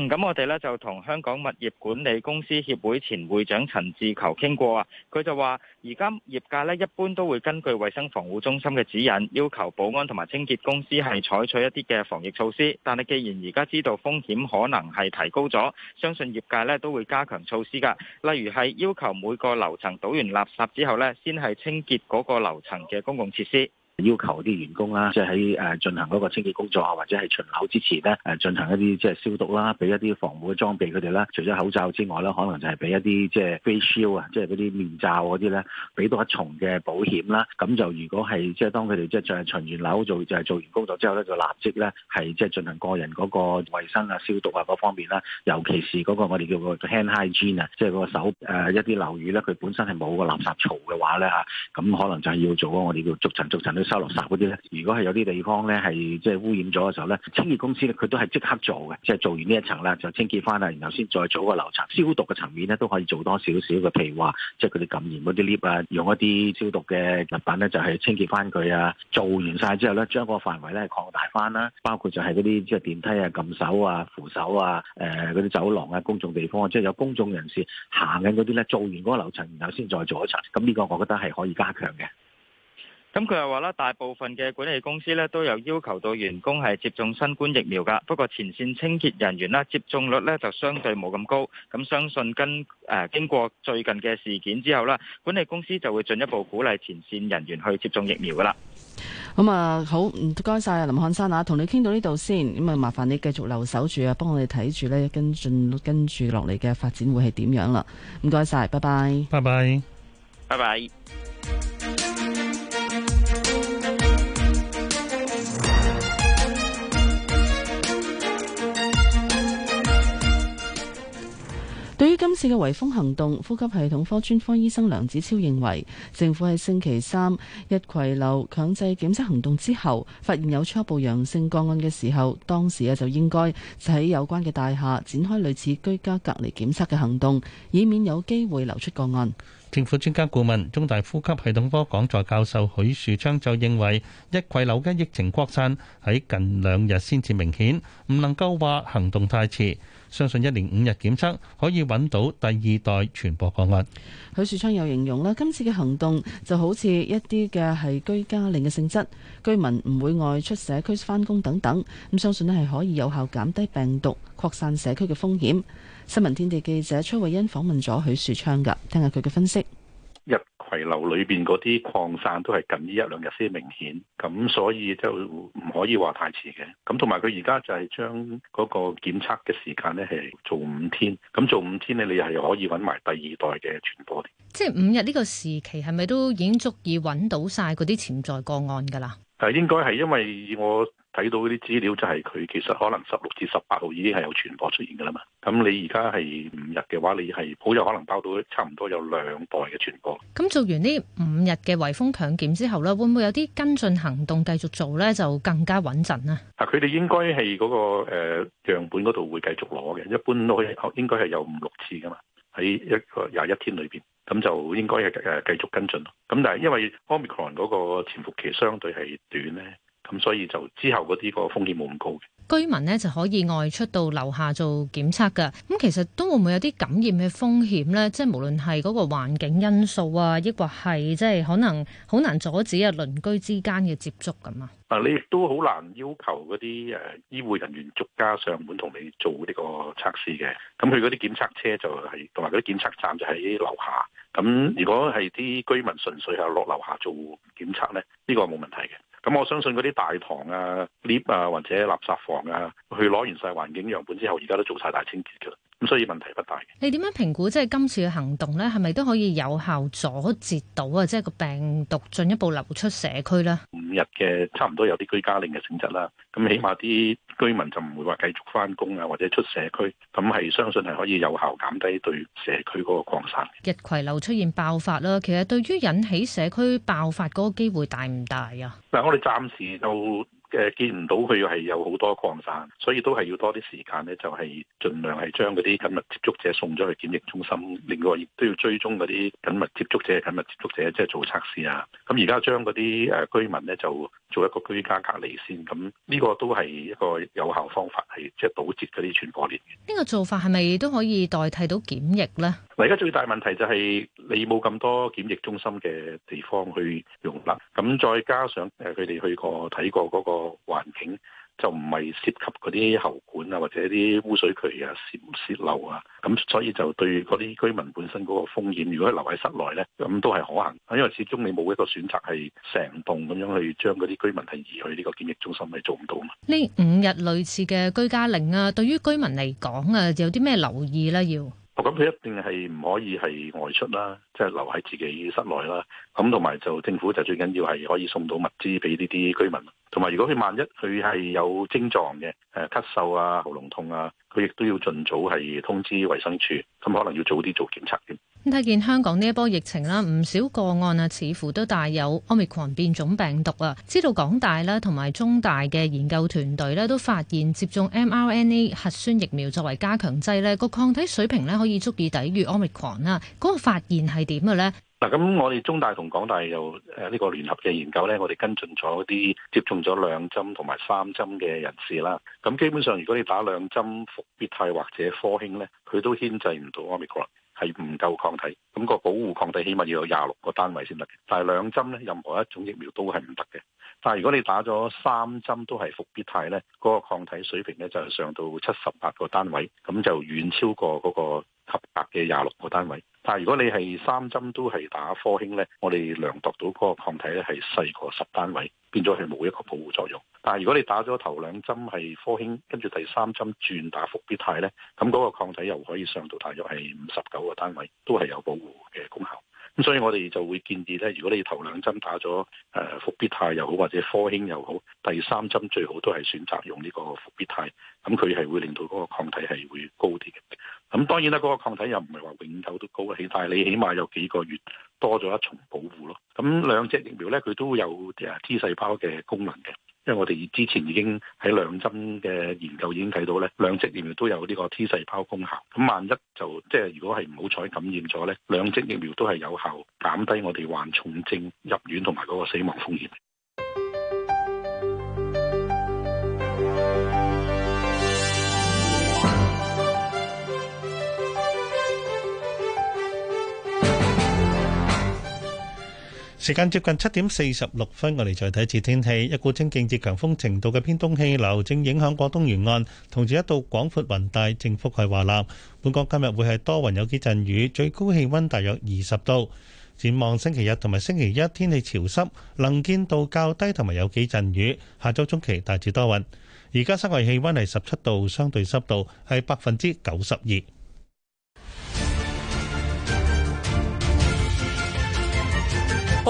嗯，咁我哋咧就同香港物業管理公司協會前會長陳志球傾過啊，佢就話，而家業界咧一般都會根據衛生防護中心嘅指引，要求保安同埋清潔公司係採取一啲嘅防疫措施。但係既然而家知道風險可能係提高咗，相信業界咧都會加強措施噶，例如係要求每個樓層倒完垃圾之後咧，先係清潔嗰個樓層嘅公共設施。要求啲員工啦，即係喺誒進行嗰個清潔工作啊，或者係巡樓之前咧，誒進行一啲即係消毒啦，俾一啲防護嘅裝備佢哋啦。除咗口罩之外啦，可能就係俾一啲即係 face shield 啊，即係嗰啲面罩嗰啲咧，俾多一重嘅保險啦。咁就如果係即係當佢哋即係再巡完樓做，就係、是、做完工作之後咧，就立即咧係即係進行個人嗰個衞生啊、消毒啊嗰方面啦。尤其是嗰個我哋叫 hand hygiene 啊，即係嗰個手誒、呃、一啲樓宇咧，佢本身係冇個垃圾槽嘅話咧嚇，咁可能就係要做我哋叫逐層逐層收垃圾嗰啲咧，如果係有啲地方咧係即係污染咗嘅時候咧，清潔公司咧佢都係即刻做嘅，即係做完呢一層啦，就清潔翻啦，然後先再做個樓層。消毒嘅層面咧都可以做多少少嘅，譬如話即係佢哋感染嗰啲 lift 啊，用一啲消毒嘅物品咧就係清潔翻佢啊。做完晒之後咧，將個範圍咧係擴大翻啦，包括就係嗰啲即係電梯啊、撳手啊、扶手啊、誒嗰啲走廊啊、公眾地方啊一般，即係有公眾人士行緊嗰啲咧，做完嗰個樓層，然後先再做一層。咁一呢般個我覺得係可以加強嘅。咁佢又話啦，大部分嘅管理公司呢都有要求到員工係接種新冠疫苗噶。不過前線清潔人員啦，接種率呢就相對冇咁高。咁相信跟、誒、呃、經過最近嘅事件之後咧，管理公司就會進一步鼓勵前線人員去接種疫苗噶啦。咁啊好，好，唔該晒林漢山啊，同你傾到呢度先。咁啊麻煩你繼續留守住啊，幫我哋睇住呢、跟進跟住落嚟嘅發展會係點樣啦。唔該晒，拜拜，拜拜，拜拜。拜拜次嘅圍封行動，呼吸系統科專科醫生梁子超認為，政府喺星期三逸葵樓強制檢測行動之後，發現有初步陽性個案嘅時候，當時啊就應該喺有關嘅大廈展開類似居家隔離檢測嘅行動，以免有機會流出個案。政府專家顧問、中大呼吸系統科講座教授許樹昌就認為，逸葵樓嘅疫情擴散喺近兩日先至明顯，唔能夠話行動太遲。相信一年五日檢測可以揾到第二代傳播個案。許樹昌又形容啦，今次嘅行動就好似一啲嘅係居家令嘅性質，居民唔會外出社區翻工等等，咁相信咧係可以有效減低病毒擴散社區嘅風險。新聞天地記者崔慧欣訪問咗許樹昌噶，聽下佢嘅分析。攜流裏邊嗰啲擴散都係近呢一兩日先明顯，咁所以就唔可以話太遲嘅。咁同埋佢而家就係將嗰個檢測嘅時間咧係做五天，咁做五天咧你係可以揾埋第二代嘅傳播。即係五日呢個時期係咪都已經足以揾到晒嗰啲潛在個案㗎啦？係應該係因為我睇到啲資料，就係佢其實可能十六至十八號已經係有傳播出現嘅啦嘛。咁你而家係五日嘅話，你係好有可能包到差唔多有兩代嘅傳播。咁、嗯、做完呢五日嘅圍封強檢之後咧，會唔會有啲跟進行動繼續做咧？就更加穩陣咧？啊，佢哋應該係嗰、嗰個誒、呃、樣本嗰度會繼續攞嘅，一般都應該係有五六次噶嘛，喺一個廿一天裏邊。咁就應該係誒繼續跟進咯。咁但係因為 Omicron 嗰個潛伏期相對係短咧，咁所以就之後嗰啲個風險冇咁高。居民咧就可以外出到樓下做檢測㗎。咁其實都會唔會有啲感染嘅風險咧？即係無論係嗰個環境因素啊，抑或係即係可能好難阻止啊鄰居之間嘅接觸咁啊？嗱，你亦都好難要求嗰啲誒醫護人員逐家上門同你做呢個測試嘅。咁佢嗰啲檢測車就係同埋嗰啲檢測站就喺樓下。咁、嗯、如果係啲居民純粹係落樓下做檢測咧，呢、呢個冇問題嘅。咁我相信嗰啲大堂啊、lift 啊或者垃圾房啊，去攞完晒環境樣本之後，而家都做晒大清潔㗎。咁所以問題不大。你點樣評估即係今次嘅行動咧，係咪都可以有效阻截到啊？即係個病毒進一步流出社區咧？五日嘅差唔多有啲居家令嘅性質啦，咁起碼啲居民就唔會話繼續翻工啊，或者出社區，咁係相信係可以有效減低對社區嗰個擴散。日葵樓出現爆發啦，其實對於引起社區爆發嗰個機會大唔大啊？嗱，我哋暫時就。誒見唔到佢係有好多擴散，所以都係要多啲時間咧，就係盡量係將嗰啲緊密接觸者送咗去檢疫中心，另外亦都要追蹤嗰啲緊密接觸者、緊密接觸者，即係做測試啊。咁而家將嗰啲誒居民咧，就做一個居家隔離先。咁呢個都係一個有效方法，係即係堵截嗰啲傳播鏈。呢個做法係咪都可以代替到檢疫咧？嗱，而家最大問題就係你冇咁多檢疫中心嘅地方去容納，咁再加上誒佢哋去過睇過嗰個。個環境就唔係涉及嗰啲喉管啊，或者啲污水渠啊洩唔洩漏啊，咁所以就對嗰啲居民本身嗰個風險，如果留喺室內呢，咁都係可行，因為始終你冇一個選擇係成棟咁樣去將嗰啲居民係移去呢個檢疫中心，係做唔到嘛。呢五日類似嘅居家令啊，對於居民嚟講啊，有啲咩留意呢？啊？要？咁佢、哦、一定係唔可以係外出啦，即、就、係、是、留喺自己室內啦。咁同埋就政府就最緊要係可以送到物資俾呢啲居民。同埋如果佢萬一佢係有症狀嘅，誒咳嗽啊、喉嚨痛啊，佢亦都要盡早係通知衞生署，咁可能要早啲做檢測添。咁睇見香港呢一波疫情啦，唔少個案啊，似乎都帶有 Omicron 變種病毒啊。知道港大咧同埋中大嘅研究團隊咧都發現，接種 mRNA 核酸疫苗作為加強劑咧，個抗體水平咧可以足以抵禦 Omicron 啦。嗰個發現係點嘅咧？嗱，咁我哋中大同港大又誒呢個聯合嘅研究咧，我哋跟進咗啲接種咗兩針同埋三針嘅人士啦。咁基本上，如果你打兩針復必泰或者科興咧，佢都牽制唔到 Omicron。係唔夠抗體，咁個保護抗體起碼要有廿六個單位先得，但係兩針咧，任何一種疫苗都係唔得嘅。但係如果你打咗三針都係復必泰呢，嗰、嗰個抗體水平呢就係上到七十八個單位，咁就遠超過嗰個合格嘅廿六個單位。但係如果你係三針都係打科興呢，我哋量度到嗰個抗體咧係細過十單位，變咗係冇一個保護作用。但係如果你打咗頭兩針係科興，跟住第三針轉打復必泰呢，咁、嗰、嗰個抗體又可以上到大約係五十九個單位，都係有保護嘅功效。所以我哋就會建議咧，如果你頭兩針打咗誒復必泰又好，或者科興又好，第三針最好都係選擇用呢個復必泰。咁佢係會令到嗰個抗體係會高啲嘅。咁當然啦，嗰、嗰個抗體又唔係話永久都高得起，但係你起碼有幾個月多咗一重保護咯。咁兩隻疫苗咧，佢都有 T 細胞嘅功能嘅。因為我哋之前已經喺兩針嘅研究已經睇到咧，兩隻疫苗都有呢個 T 細胞功效。咁萬一就即係如果係唔好彩感染咗咧，兩隻疫苗都係有效減低我哋患重症入院同埋嗰個死亡風險。時間接近七點四十六分，我哋再睇次天氣。一股清勁至強風程度嘅偏東氣流正影響廣東沿岸，同時一道廣闊雲帶正覆蓋華南。本港今日會係多雲有幾陣雨，最高氣温大約二十度。展望星期日同埋星期一天氣潮濕，能見度較低，同埋有幾陣雨。下周中期大致多雲。而家室外氣温係十七度，相對濕度係百分之九十二。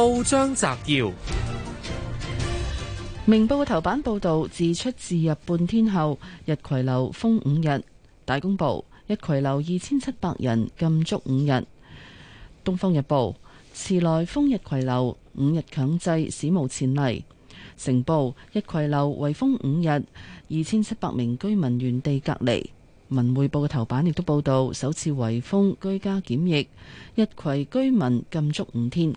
報章摘要：明報嘅頭版報道，自出自入半天後，逸葵樓封五日。大公報：逸葵樓二千七百人禁足五日。東方日報：遲來封逸葵樓五日強制，史無前例。成報：逸葵樓圍封五日，二千七百名居民原地隔離。文匯報嘅頭版亦都報道，首次圍封居家檢疫，逸葵居民禁足五天。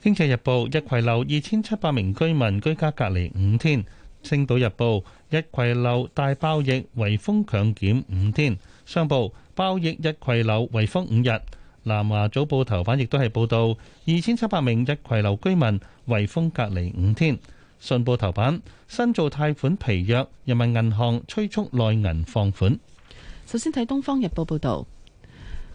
《經濟日報》逸葵樓二千七百名居民居家隔離五天，《星島日報》逸葵樓大爆疫，圍封強檢五天，《商報》爆疫逸葵樓圍封五日，《南華早報》頭版亦都係報道二千七百名逸葵樓居民圍封隔離五天，《信報》頭版新造貸款疲弱，人民銀行催促內銀放款。首先睇《東方日報》報道。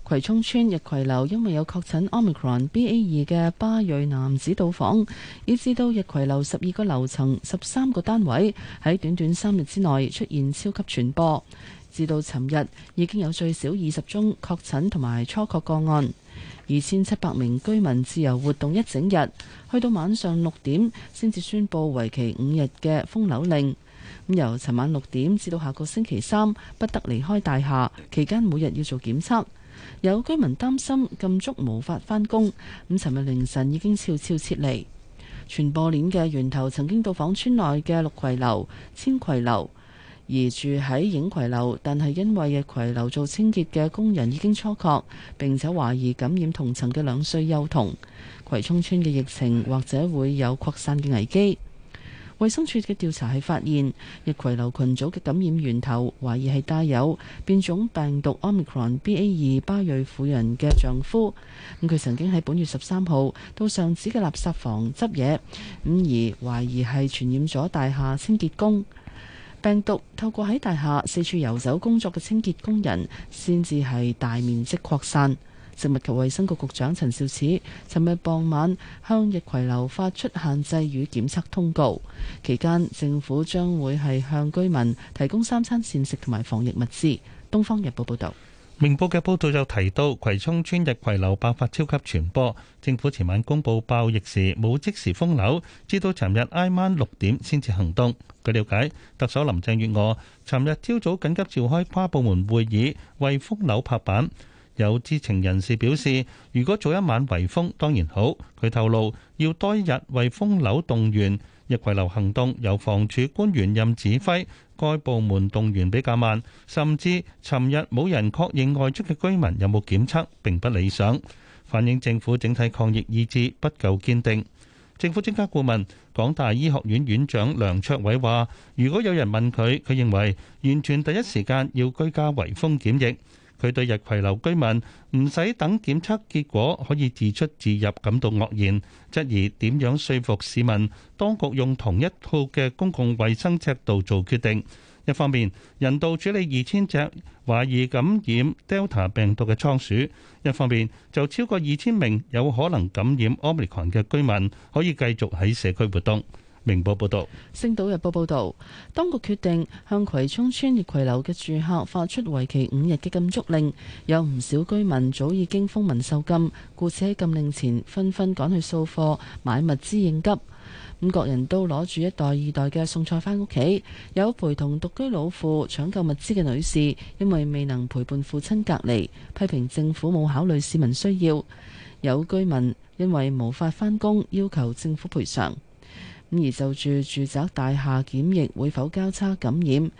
葵涌村日葵樓因為有確診 Omicron B A 二嘅巴裔男子到訪，以至到日葵樓十二個樓層十三個單位喺短短三日之內出現超級傳播。至到尋日已經有最少二十宗確診同埋初確個案，二千七百名居民自由活動一整日，去到晚上六點先至宣布為期五日嘅封樓令。咁由尋晚六點至到下個星期三不得離開大廈，期間每日要做檢測。有居民擔心禁足無法返工，咁尋日凌晨已經悄悄撤離。傳播鏈嘅源頭曾經到訪村內嘅六葵樓、千葵樓，而住喺影葵樓，但係因為日葵樓做清潔嘅工人已經初確，並且懷疑感染同層嘅兩歲幼童，葵涌村嘅疫情或者會有擴散嘅危機。衛生署嘅調查係發現，逸葵樓群組嘅感染源頭懷疑係帶有變種病毒 Omicron BA.2 巴瑞婦人嘅丈夫。咁佢曾經喺本月十三號到上址嘅垃圾房執嘢，咁而懷疑係傳染咗大廈清潔工。病毒透過喺大廈四處遊走工作嘅清潔工人，先至係大面積擴散。食物及衞生局局長陳肇始，尋日傍晚向日葵樓發出限制與檢測通告。期間，政府將會係向居民提供三餐膳食同埋防疫物資。《東方日報》報道：「明報嘅報導就提到，葵涌村日葵樓爆發超級傳播，政府前晚公布爆疫時冇即時封樓，至到尋日挨晚六點先至行動。據了解，特首林鄭月娥尋日朝早緊急召開跨部門會議，為封樓拍板。有知情人士表示，如果早一晚圍封當然好。佢透露要多一日圍封樓動員日圍樓行動，由房署官員任指揮，該部門動員比較慢，甚至尋日冇人確認外出嘅居民有冇檢測，並不理想，反映政府整體抗疫意志不夠堅定。政府專家顧問港大醫學院院長梁卓偉話，如果有人問佢，佢認為完全第一時間要居家圍封檢疫。佢對逸葵樓居民唔使等檢測結果可以自出自入感到愕然，質疑點樣説服市民，當局用同一套嘅公共衛生尺度做決定。一方面人道處理二千隻懷疑感染 Delta 病毒嘅倉鼠，一方面就超過二千名有可能感染 Omicron 嘅居民可以繼續喺社區活動。明報報導，《星島日報》報導，當局決定向葵涌村逸葵樓嘅住客發出為期五日嘅禁足令，有唔少居民早已經風文受禁，故此喺禁令前紛紛趕去掃貨買物資應急。咁各人都攞住一袋、二袋嘅餸菜返屋企。有陪同獨居老婦搶救物資嘅女士，因為未能陪伴父親隔離，批評政府冇考慮市民需要。有居民因為無法返工，要求政府賠償。而就住住宅大廈檢疫會否交叉感染？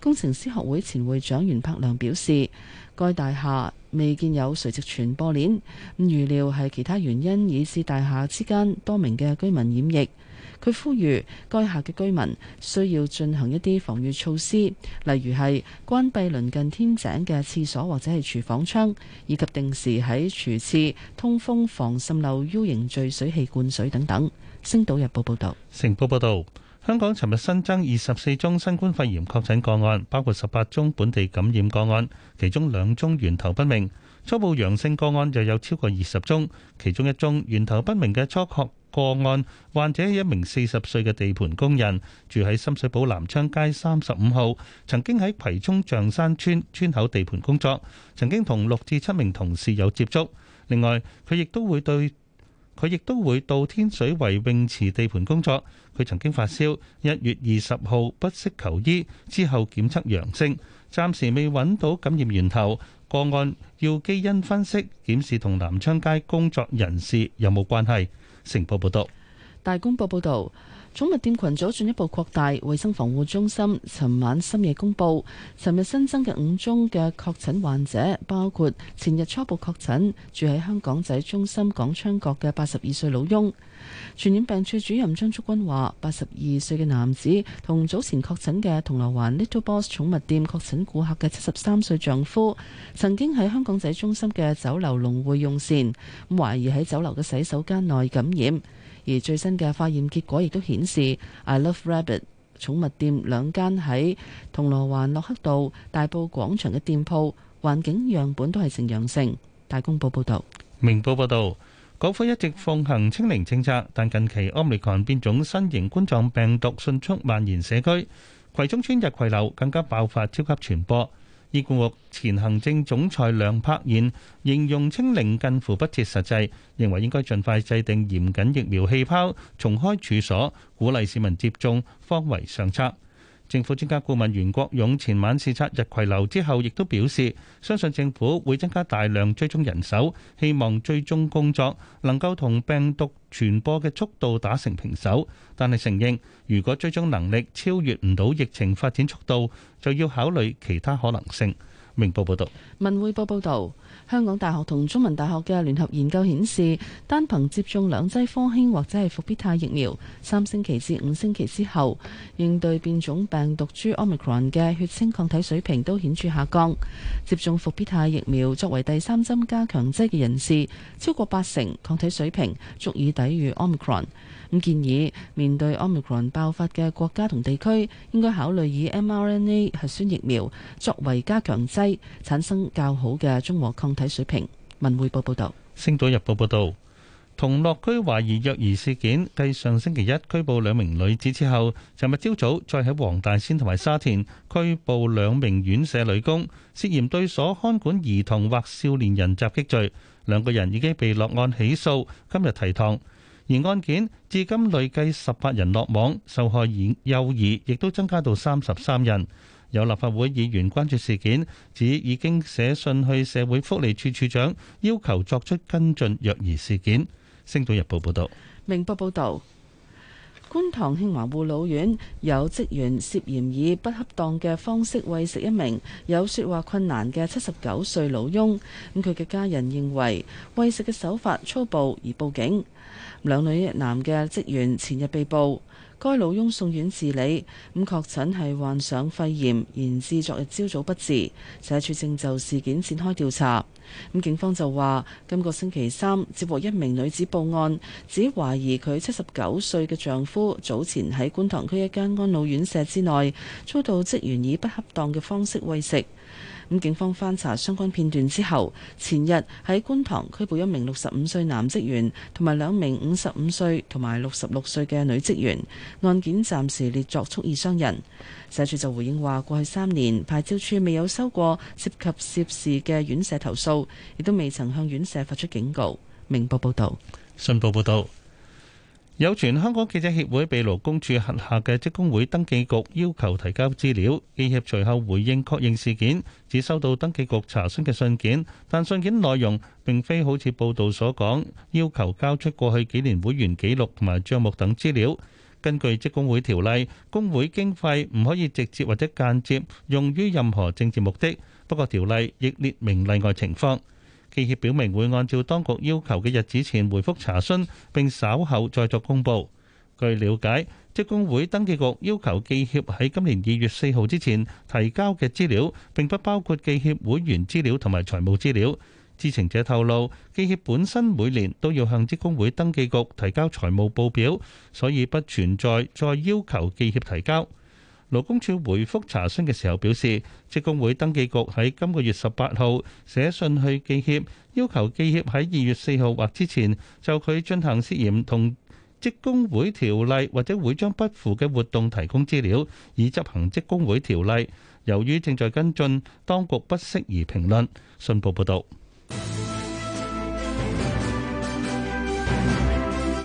工程師學會前會長袁柏良表示，該大廈未見有垂直傳播鏈，預料係其他原因以致大廈之間多名嘅居民染疫。佢呼籲該下嘅居民需要進行一啲防禦措施，例如係關閉鄰近天井嘅廁所或者係廚房窗，以及定時喺廚廁通風、防滲漏 U 型聚水器灌水等等。星島日報報道，成報報道，香港尋日新增二十四宗新冠肺炎確診個案，包括十八宗本地感染個案，其中兩宗源頭不明。初步陽性個案又有超過二十宗，其中一宗源頭不明嘅初確個案，患者係一名四十歲嘅地盤工人，住喺深水埗南昌街三十五號，曾經喺葵涌象山村村口地盤工作，曾經同六至七名同事有接觸。另外，佢亦都會對。佢亦都會到天水圍泳池地盤工作。佢曾經發燒，一月二十號不適求醫，之後檢測陽性，暫時未揾到感染源頭，個案要基因分析檢視同南昌街工作人士有冇關係。成報報道。大公報報導。寵物店群組進一步擴大，衛生防護中心尋晚深夜公布，尋日新增嘅五宗嘅確診患者，包括前日初步確診住喺香港仔中心港昌閣嘅八十二歲老翁。傳染病處主任張竹君話，八十二歲嘅男子同早前確診嘅銅鑼灣 Little Boss 寵物店確診顧客嘅七十三歲丈夫，曾經喺香港仔中心嘅酒樓龍匯用膳，咁懷疑喺酒樓嘅洗手間內感染。而最新嘅化驗結果亦都顯示，I Love Rabbit 寵物店兩間喺銅鑼灣駱克道、大埔廣場嘅店鋪環境樣本都係呈陽性。大公報報導，明報報導，港府一直奉行清零政策，但近期 Omicron 變種新型冠狀病毒迅速蔓延社區，葵涌村逸葵樓更加爆發超級傳播。醫管局前行政總裁梁柏賢形容清零近乎不切實際，認為應該盡快制定嚴謹疫苗氣泡，重開處所，鼓勵市民接種，方為上策。政府專家顧問袁國勇前晚視察逸葵樓之後，亦都表示相信政府會增加大量追蹤人手，希望追蹤工作能夠同病毒傳播嘅速度打成平手。但係承認，如果追蹤能力超越唔到疫情發展速度，就要考慮其他可能性。明報報道。文匯報報導。香港大學同中文大學嘅聯合研究顯示，單憑接種兩劑科興或者係復必泰疫苗，三星期至五星期之後，應對變種病毒株 Omicron 嘅血清抗體水平都顯著下降。接種復必泰疫苗作為第三針加強劑嘅人士，超過八成抗體水平足以抵禦 Omicron。咁建議面對 Omicron 爆發嘅國家同地區，應該考慮以 mRNA 核酸疫苗作為加強劑，產生較好嘅中和抗體水平。文匯報報導，星島日報報導，童樂居懷疑虐兒事件，繼上星期一拘捕兩名女子之後，尋日朝早再喺黃大仙同埋沙田拘捕兩名院舍女工，涉嫌對所看管兒童或少年人襲擊罪，兩個人已經被落案起訴，今日提堂。而案件至今累計十八人落網，受害兒幼兒亦都增加到三十三人。有立法會議員關注事件，指已經寫信去社會福利署署長，要求作出跟進虐兒事件。星島日報報道。明報報導。觀塘慶華護老院有職員涉嫌以不恰當嘅方式餵食一名有說話困難嘅七十九歲老翁，咁佢嘅家人認為餵食嘅手法粗暴而報警，兩女一男嘅職員前日被捕。該老翁送院治理，咁確診係患上肺炎，延至昨日朝早不治。社署正就事件展開調查。咁警方就話，今個星期三接獲一名女子報案，指懷疑佢七十九歲嘅丈夫早前喺觀塘區一間安老院舍之內遭到職員以不恰當嘅方式餵食。咁警方翻查相關片段之後，前日喺觀塘拘捕一名六十五歲男職員同埋兩名五十五歲同埋六十六歲嘅女職員。案件暫時列作蓄意傷人。社署就回應話：過去三年，牌照處未有收過涉及涉事嘅院舍投訴，亦都未曾向院舍發出警告。明報報道。信報報導。有存香港記者協會被勞工處轄下嘅職工會登記局要求提交資料，記協隨後回應確認事件，只收到登記局查詢的信件，但信件內容並非好似報道所講，要求交出過去幾年會員記錄同埋賬目等資料。根據職工會條例，工會經費唔可以直接或者間接，用於任何政治目的，不過條例亦列明例外情況。記協表明會按照當局要求嘅日子前回覆查詢，並稍後再作公布。據了解，職工會登記局要求記協喺今年二月四號之前提交嘅資料，並不包括記協會員資料同埋財務資料。知情者透露，記協本身每年都要向職工會登記局提交財務報表，所以不存在再要求記協提交。勞工處回覆查詢嘅時候表示，職工會登記局喺今個月十八號寫信去記協，要求記協喺二月四號或之前就佢進行涉嫌同職工會條例或者會章不符嘅活動提供資料，以執行職工會條例。由於正在跟進，當局不適宜評論。信報報道。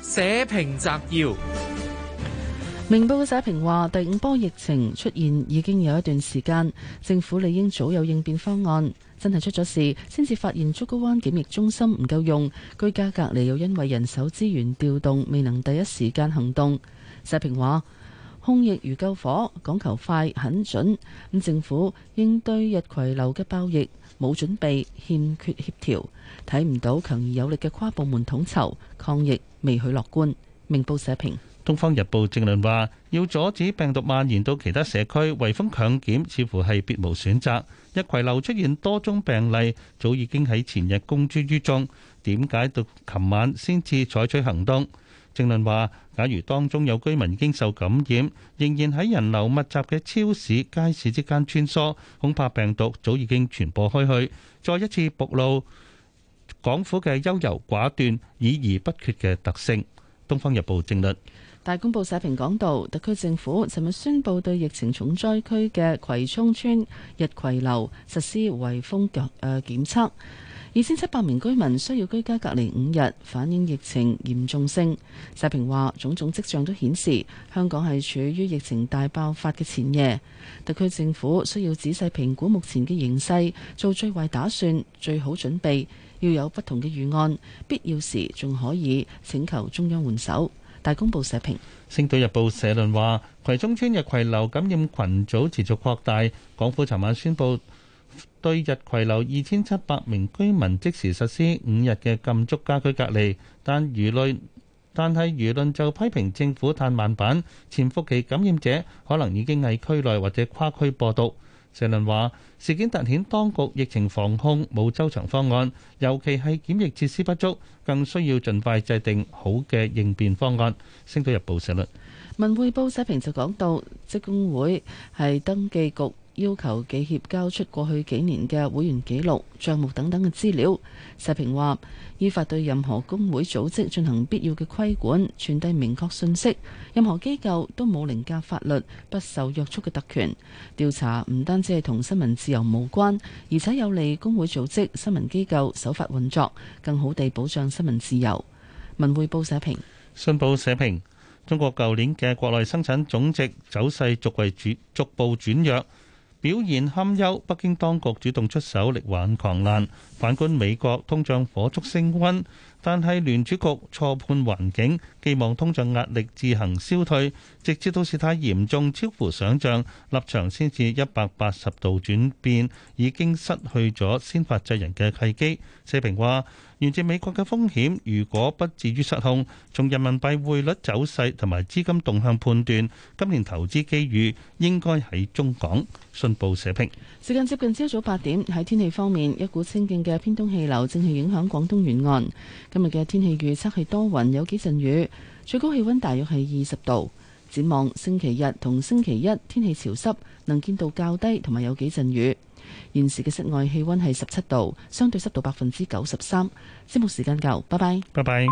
社評摘要。明報嘅社評話：第五波疫情出現已經有一段時間，政府理應早有應變方案。真係出咗事，先至發現竹篙灣檢疫中心唔夠用，居家隔離又因為人手資源調動未能第一時間行動。社評話控疫如救火，講求快、狠準，咁政府應對日葵樓嘅爆疫冇準備，欠缺協調，睇唔到強而有力嘅跨部門統籌抗疫，未許樂觀。明報社評。《東方日報》正論話，要阻止病毒蔓延到其他社區，圍封強檢似乎係別無選擇。逸葵樓出現多宗病例，早已經喺前日公諸於眾，點解到琴晚先至採取行動？正論話，假如當中有居民已經受感染，仍然喺人流密集嘅超市、街市之間穿梭，恐怕病毒早已經傳播開去，再一次暴露港府嘅優柔寡斷、議而不決嘅特性。《東方日報》正論。大公報社評講道：特區政府尋日宣布對疫情重災區嘅葵涌村日葵樓實施圍封隔誒檢測，二千七百名居民需要居家隔離五日，反映疫情嚴重性。社評話，種種跡象都顯示香港係處於疫情大爆發嘅前夜，特區政府需要仔細評估目前嘅形勢，做最壞打算，最好準備要有不同嘅預案，必要時仲可以請求中央援手。大公報社評。《星島日報》社論話：葵涌村日葵樓感染群組持續擴大，港府尋晚宣布對日葵樓二千七百名居民即時實施五日嘅禁足家居隔離，但輿論但係輿論就批評政府嘆慢板，潛伏期感染者可能已經喺區內或者跨區播毒。社論話：事件突顯當局疫情防控冇周詳方案，尤其係檢疫設施不足，更需要盡快制定好嘅應變方案。星島日報社論，文匯報社評就講到，職工會係登記局。要求記協交出過去幾年嘅會員記錄、賬目等等嘅資料。社評話，依法對任何工會組織進行必要嘅規管，傳遞明確信息。任何機構都冇凌駕法律、不受約束嘅特權。調查唔單止係同新聞自由無關，而且有利工會組織、新聞機構守法運作，更好地保障新聞自由。文匯報社評。信報社評，中國舊年嘅國內生產總值走勢續為逐步轉弱。表現堪憂，北京當局主動出手力挽狂瀾。反觀美國，通脹火速升溫，但係聯儲局錯判環境，寄望通脹壓力自行消退，直至到事態嚴重超乎想像，立場先至一百八十度轉變，已經失去咗先發制人嘅契機。社評話。源自美國嘅風險，如果不至於失控，從人民幣匯率走勢同埋資金動向判斷，今年投資機遇應該喺中港。信報社評。時間接近朝早八點，喺天氣方面，一股清勁嘅偏東氣流正係影響廣東沿岸。今日嘅天氣預測係多雲，有幾陣雨，最高氣温大約係二十度。展望星期日同星期一，天氣潮濕，能見度較低，同埋有幾陣雨。現時嘅室外氣溫係十七度，相對濕度百分之九十三。節目時間夠，拜拜，拜拜。